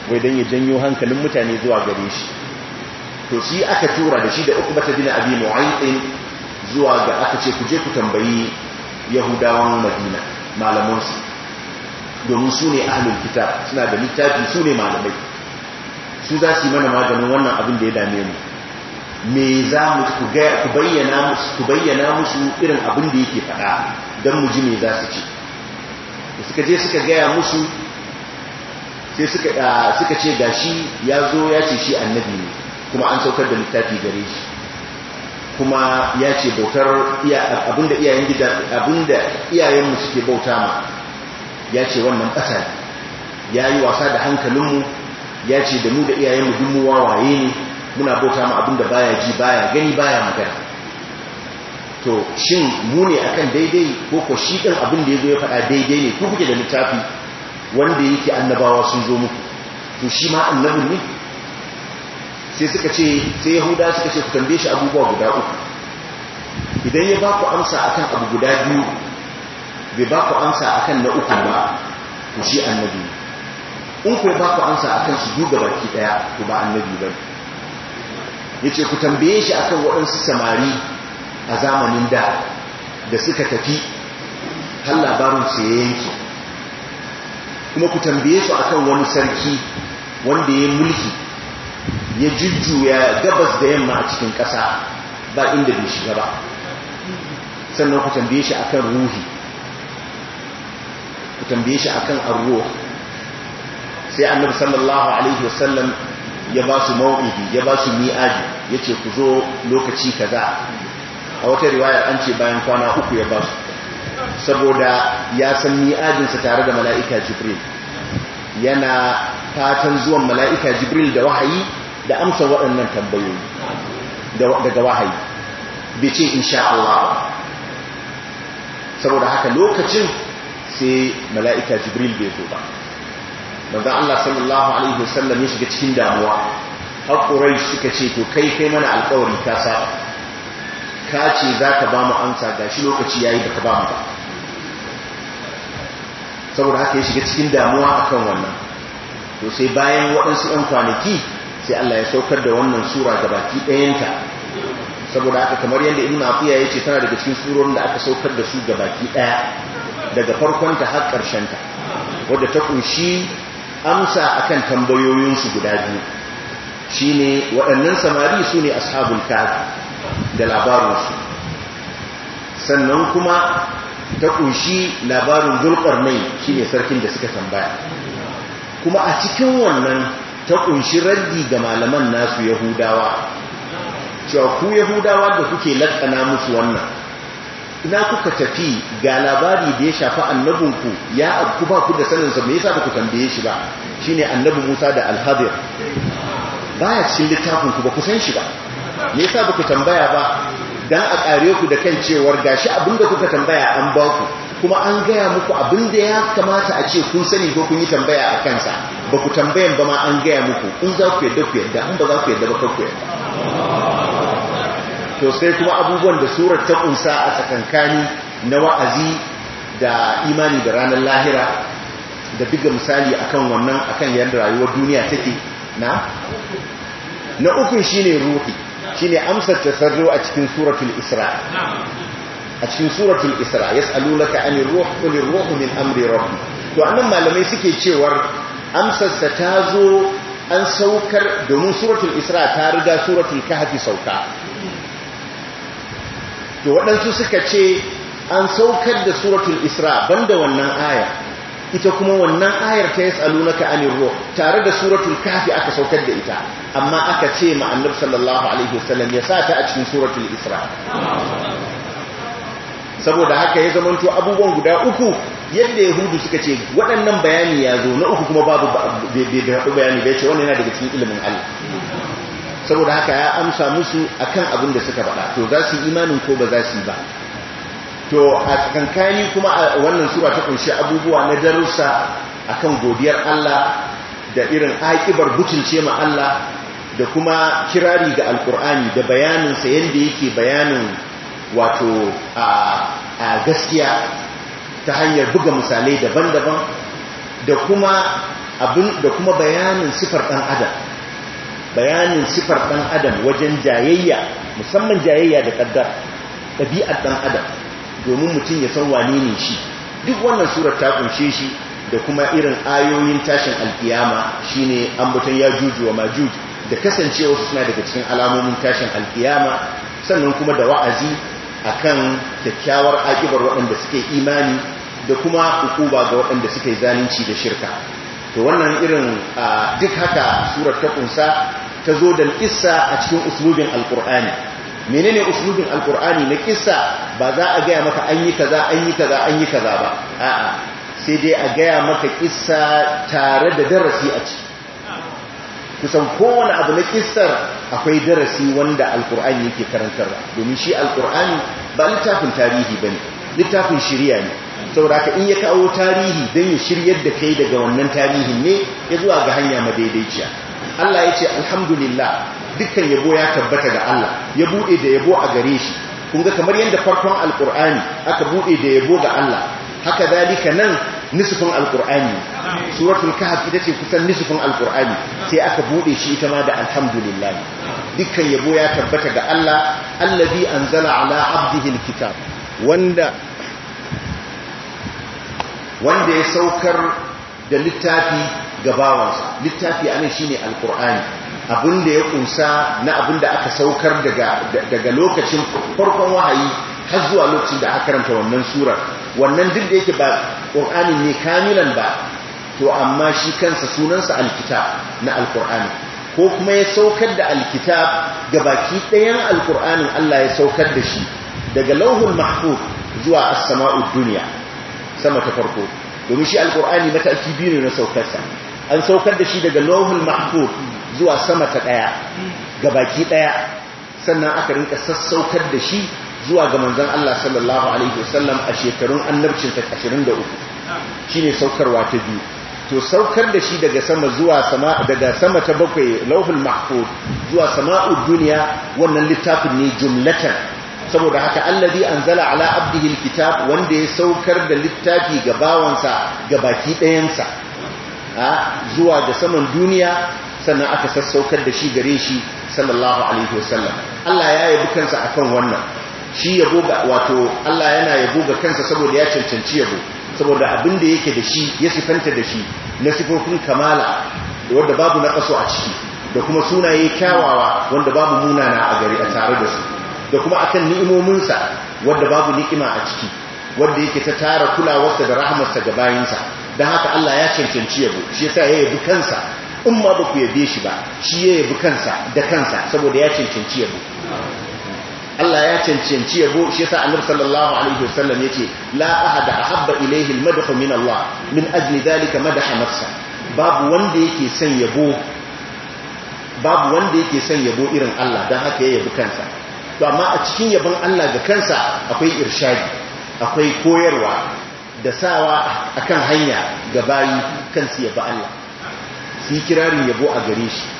wai dan ya janyo hankalin mutane zuwa gare shi to shi aka tura da shi da uku bata bin abi mu'ayyin zuwa ga aka ce ku je ku tambayi yahudawan madina malamansu domin su ne ahlul kitab suna da littafi su ne malamai su za su yi mana maganin wannan abin da ya dame mu me za mu ku bayyana musu irin abin da yake faɗa don mu ji me za su ce da suka je suka gaya musu sai suka ah, ce shi ya zo ya ce shi annabi ne kuma an saukar da littafi gare shi kuma ya ce bautar abinda iyayen gida abinda iyayenmu suke bauta ma ya ce wannan ƙasa ya yi wasa da hankalinmu ya ce da mu da iyayenmu dun wawaye ne muna bauta ma abinda baya ji baya gani baya magana to shin mu ne akan daidai ko ko shi abin abinda ya zo ya faɗa daidai ne ko kuke da littafi wanda yake annabawa sun zo muku to shi ma annabin ne sai suka ce sai yahuda suka ce ku tambaye shi abubuwa guda uku idan ya ba ku amsa akan abu guda biyu bai ba ku amsa akan na uku ba ku shi annabi in ku ba ku amsa akan su duba baki daya ku ba annabi ba yace ku tambaye shi akan waɗansu samari a zamanin da da suka tafi har labarin su ya yanki kuma ku tambaye su akan wani sarki wanda ya mulki ya jujjuya gabas da yamma a cikin ƙasa ba inda bai shiga ba sannan ku tambaye shi a kan ruhi ku tambaye shi a kan arwo sai annabi sallallahu alaihi wasallam ya ba su mau'idi ya ba su mi'aji ce ku zo lokaci kaza a wata riwaya an ce bayan kwana uku ya ba su saboda ya san mi'ajinsa tare da mala'ika jibril yana fatan zuwan mala'ika jibril da wahayi da amsa waɗannan tambayoyi daga wahayi bai ce insha Allah ba saboda haka lokacin sai mala'ika jibril bai zo ba manzo Allah sallallahu alaihi wasallam ya shiga cikin damuwa haƙurai suka ce to kai kai mana alƙawari ka sa ka ce za ka ba mu amsa ga shi lokaci ya yi ba ka ba mu ba saboda haka ya shiga cikin damuwa akan wannan to sai bayan waɗansu 'yan kwanaki sai Allah ya saukar da wannan sura gabaki ɗayanta saboda haka kamar yadda ibn afiya ya ce tana daga cikin surorin da aka saukar da su ga baki ɗaya daga farkonta har ta wadda ta kunshi amsa akan tambayoyinsu guda biyu shine waɗannan samari su ne ashabul kafi da labarinsu sannan kuma ta kunshi labarin zulƙarnai shine sarkin da suka tambaya kuma a cikin wannan ta kunshi raddi ga malaman nasu yahudawa cewa ku yahudawa da kuke lakana musu wannan ina kuka tafi ga labari da ya shafi annabinku ya ku ba ku da saninsa me yasa ku tambaye shi ba shine annabi Musa da Al-Hadir baya cikin littafin ku ba ku san shi ba me yasa ku tambaya ba dan a kare ku da kan cewar gashi abinda kuka tambaya an ba ku kuma an gaya muku abin da ya kamata a ce kun sani ko kun yi tambaya a kansa ba ku tambayan ba ma an gaya muku in za ku yadda ku yadda in ba za ku yadda ba ku yadda to sai kuma abubuwan da surar ta kunsa a tsakankani na wa'azi da imani da ranar lahira da buga misali akan wannan akan yadda rayuwar duniya take na na ukun shine ruhi shine amsar sarro a cikin suratul isra a cikin suratul isra yas'alunaka anir ruh qul ruhu min amri rabbi to annan malamai suke cewar amsarsa ta zo an saukar domin suratul isra ta riga suratul kahfi sauka to waɗansu suka ce an saukar da suratul isra banda wannan aya ita kuma wannan ayar ta yas'alunaka anir ruh tare da suratul kahfi aka saukar da ita amma aka ce ma annabi sallallahu alaihi wasallam ya sa ta a cikin suratul isra saboda haka ya zamanto abubuwan guda uku yadda yahudu suka ce waɗannan bayani ya zo na uku kuma babu bayani ya ce wannan yana daga cikin ilimin Allah saboda haka ya amsa musu akan abin da suka baɗa, to za su imanin ko ba za su ba to a kankani kuma a wannan sura ta kunshi abubuwa na darussa akan godiyar Allah da irin aƙibar butulce ma Allah da kuma kirari ga alkur'ani da bayaninsa yadda yake bayanin wato a gaskiya ta hanyar buga misalai daban-daban da kuma bayanin sifar ɗan adam bayanin sifar ɗan adam wajen jayayya musamman jayayya da ƙaddar ɗabi'ar ɗan adam domin mutum ya san wane ne shi duk wannan surar ta kunshe shi da kuma irin ayoyin tashin alkiyama shine ambaton ya jujuwa wa majuju da kasancewa suna daga cikin alamomin tashin alkiyama sannan kuma da wa'azi akan kyakkyawar akibar waɗanda suke imani da kuma ukuba ga waɗanda suke zalunci da shirka to wannan irin duk haka surar ta kunsa ta zo da kissa a cikin uslubin alkur'ani menene uslubin alkur'ani na kissa ba za a gaya maka an yi kaza an yi kaza an yi kaza ba a'a sai dai a gaya maka kissa tare da darasi a ciki kusan kowane abu na kistar akwai darasi wanda alkur'ani yake karantarwa domin shi alkur'ani ba littafin tarihi ba ne littafin shirya ne saboda haka in ya kawo tarihi don ya shiryar da kai daga wannan tarihin ne ya zuwa ga hanya madaidaiciya Allah ya ce alhamdulillah dukkan yabo ya tabbata ga Allah ya buɗe da yabo a gare shi kun ga kamar yadda farkon alkur'ani aka buɗe da yabo ga Allah haka zalika nan nisfin alkur'ani suratul kahf ita ce kusan nisfin alqur'ani sai aka bude shi ita ma da alhamdulillah dukkan yabo ya tabbata ga Allah allazi anzala ala abdihi alkitab wanda wanda ya saukar da littafi ga bawansa littafi anan shine alqur'ani abin da ya kunsa na abinda aka saukar daga lokacin farkon wahayi har zuwa lokacin da aka karanta wannan surar wannan duk da yake ba ƙur'ani ne kamilan ba to amma shi kansa sunansa alkitab na alkur'ani ko kuma ya saukar da alkitab ga baki ɗayan alkur'anin Allah ya saukar da shi daga lauhul mahfuz zuwa as-sama'ud dunya sama ta farko domin shi alkur'ani mataki biyu ne na saukar sa, an saukar da shi daga lauhul mahfuz zuwa sama ta ɗaya ga baki ɗaya sannan aka rinka sassaukar da shi zuwa ga manzon Allah sallallahu alaihi wasallam a shekarun annabcinsa 23 shine saukarwa ta biyu to saukar da shi daga sama zuwa sama daga sama ta bakwai lauhul mahfuz zuwa sama'ud duniya wannan littafin ne jumlatan saboda haka allazi anzala ala abdihi alkitab wanda ya saukar da littafi ga bawansa ga baki ɗayansa zuwa ga saman duniya sannan aka sassaukar da shi gare shi sallallahu alaihi wasallam Allah ya yi kansa akan wannan shi yabo ga wato Allah yana yabo ga kansa saboda ya cancanci yabo saboda abin da yake da shi ya sifanta da shi na sifofin kamala da babu na kaso a ciki da kuma sunaye kyawawa wanda babu munana a gari a tare da su da kuma akan ni'imominsa wadda babu ni'ima a ciki wadda yake ta tara kulawarsa da rahamarsa ga bayansa don haka Allah ya cancanci yabo shi yasa ya yabi kansa in ma ba ku yabe shi ba shi ya yabi kansa da kansa saboda ya cancanci yabo Allah ya cancanci yabo shi yasa Annabi sallallahu alaihi wasallam yake la ahada ahabba ilayhi almadhu min Allah min ajli dhalika madaha nafsa babu wanda yake son yabo babu wanda yake son yabo irin Allah dan haka ya yabi kansa to amma a cikin yabon Allah ga kansa akwai irshadi akwai koyarwa da sawa akan hanya ga bayi kansa yabo Allah su kirarin yabo a gare shi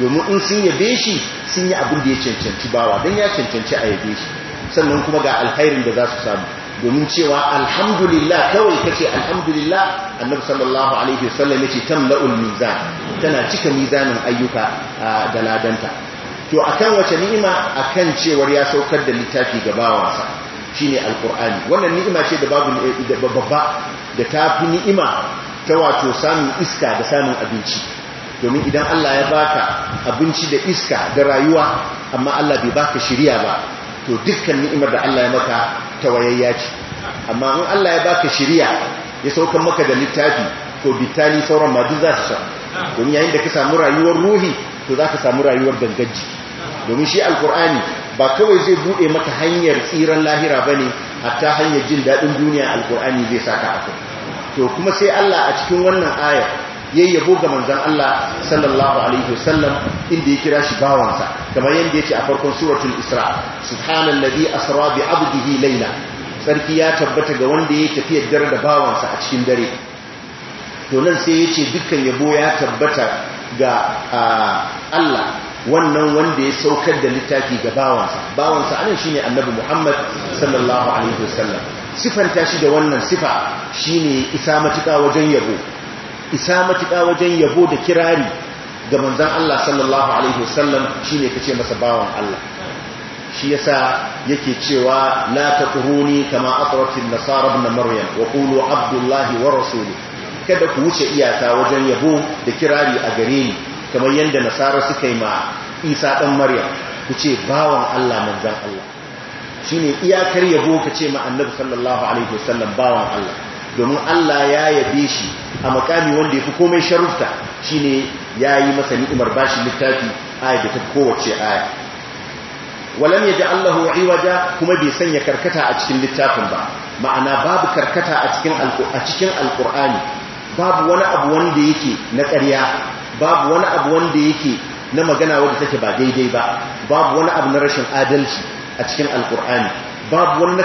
domin in sun yabe shi sun yi abin da ya cancanci bawa don ya cancanci a yabe shi sannan kuma ga alkhairin da za su samu domin cewa alhamdulillah kawai kace alhamdulillah annabi sallallahu alaihi wasallam yace tamla'ul mizan tana cika mizanin ayyuka da ladanta to akan wace ni'ima akan cewar ya saukar da littafi ga bawansa shine alqur'ani wannan ni'ima ce da babu babba da tafi ni'ima ta wato samun iska da samun abinci domin idan Allah ya baka abinci da iska da rayuwa amma Allah bai baka shiriya ba to dukkan ni'imar da Allah ya maka ta wayayya ce amma in Allah ya baka shiriya ya saukan maka da littafi to bitali sauran ma duk za su samu domin yayin da ka samu rayuwar ruhi to za ka samu rayuwar gangaji domin shi alkur'ani ba kawai zai bude maka hanyar tsiran lahira bane hatta hanyar jin daɗin duniya alkur'ani zai saka akai to kuma sai Allah a cikin wannan ayar yayi yabo ga manzon Allah sallallahu alaihi wasallam inda ya kira shi bawansa kamar yanda yake a farkon suratul Isra subhanallazi asra bi abdihi layla sarki ya tabbata ga wanda ya tafiyar dare da bawansa a cikin dare to nan sai yace dukkan yabo ya tabbata ga Allah wannan wanda ya saukar da littafi ga bawansa bawansa anan shine annabi Muhammad sallallahu alaihi wasallam sifanta shi da wannan sifa shine isa matuka wajen yabo isa matuƙa wajen yabo da kirari ga manzan Allah sallallahu alaihi wasallam shine kace masa bawan Allah shi yasa yake cewa la taquruni kama aqratin nasara ibn maryam wa ƙulu abdullahi wa rasuli kada ku wuce iyaka wajen yabo da kirari a gare ni kamar yadda nasara suka yi ma isa dan maryam ku ce bawan Allah manzan Allah ne iyakar yabo kace ma annabi sallallahu alaihi wasallam bawan Allah domin Allah ya yabe shi a makami wanda ya fi komai sharufta ne ya yi masa ni'imar bashi littafi aya da ta kowace aya walam ya ji allahu iwaja kuma bai sanya karkata a cikin littafin ba ma'ana babu karkata a cikin alkur'ani babu wani abu wanda yake na ƙarya babu wani abu wanda yake na magana wadda take ba daidai ba babu wani abu na rashin adalci a cikin alkur'ani babu wani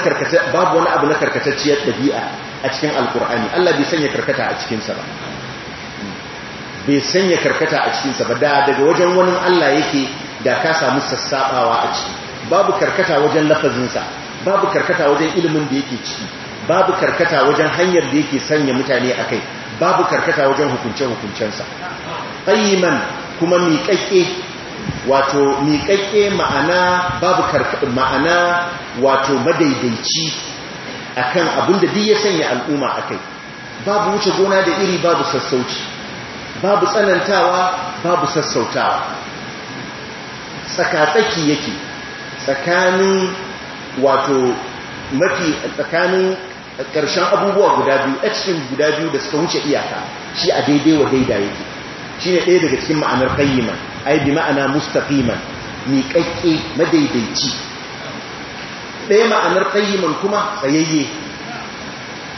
abu na karkatacciyar ɗabi'a a cikin alkur'ani Allah bai sanya karkata a cikinsa ba bai sanya karkata a cikinsa ba da daga wajen wani Allah yake da ka samu sassaɓawa a ciki babu karkata wajen lafazinsa babu karkata wajen ilimin da yake ciki babu karkata wajen hanyar da yake sanya mutane a kai babu karkata wajen hukunce-hukuncensa ƙayyiman kuma miƙaƙƙe wato miƙaƙƙe ma'ana babu ma'ana wato madaidaici akan abin da duk ya sanya al'umma akai babu wuce gona da iri babu sassauci babu tsanantawa babu sassautawa tsakatsaki yake tsakanin wato mafi tsakanin ƙarshen abubuwa guda biyu cikin guda biyu da suka wuce iyaka shi a daidai wa daida yake shi ne ɗaya daga cikin ma'anar kayyima ai bi ma'ana mustaqiman miƙaƙƙe madaidaici ɗaya ma'anar qayyiman kuma tsayayye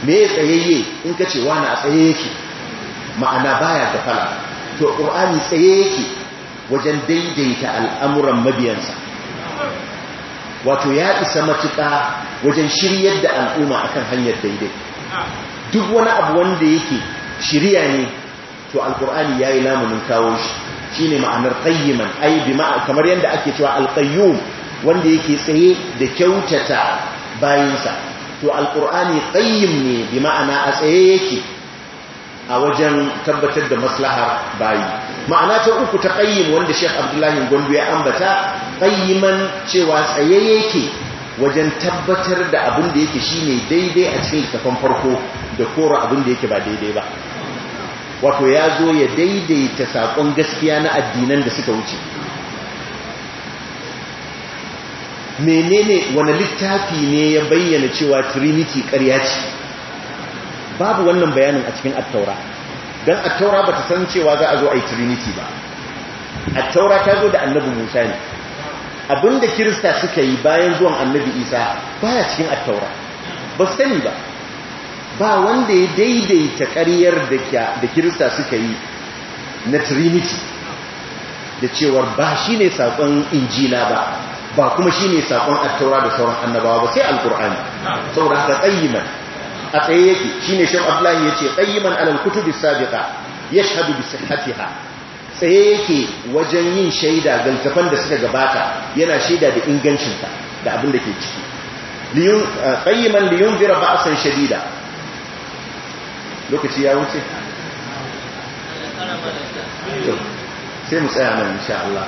me tsayayye in ka ce wani a tsaye yake ma'ana baya da fala to Al-ƙur'ani tsaye yake wajen daidaita al'amuran mabiyansa wato ya isa matuƙa wajen shiryar da al'umma akan hanyar daidai duk wani abu wanda yake shirya ne to alƙur'ani ya yi lamunin kawo shi shi ne ma'anar ƙayyiman ai bi ma'a kamar yadda ake cewa alƙayyum wanda yake tsaye da kyautata bayinsa to alkur'ani tsayin ne bi ma'ana a tsaye yake a wajen tabbatar da maslahar bayi ma'ana ta uku ta qayyim wanda Sheikh Abdullahi Gondo ya ambata qayyiman cewa tsaye yake wajen tabbatar da abin da yake ne daidai a cikin littafin farko da kora abin da yake ba daidai ba wato ya zo ya daidaita saƙon gaskiya na addinan da suka wuce menene wani littafi ne ya bayyana cewa trinity karya ce babu wannan bayanin a cikin attaura don attaura ba ta san cewa za a zo a yi trinity ba attaura ta zo da annabi musa ne abinda kirista suka yi bayan zuwan annabi isa Ba baya cikin attaura ba sani ba ba wanda ya daidaita ƙaryar da kirista suka yi na trinity da cewar ba shi ne saƙon injina ba ba kuma shi ne sakon attaura da sauran annabawa ba sai alqur'ani saboda haka Ƙayyiman. a tsaye yake ne shan abdullahi ce qayyiman alal bi sabiqa yashhadu bi sihhatiha tsaye yake wajen yin shaida ga da suka gabata yana shaida da ingancinta da abin da ke ciki liyun ba a ba'san shadida lokaci ya wuce sai mu tsaya nan insha Allah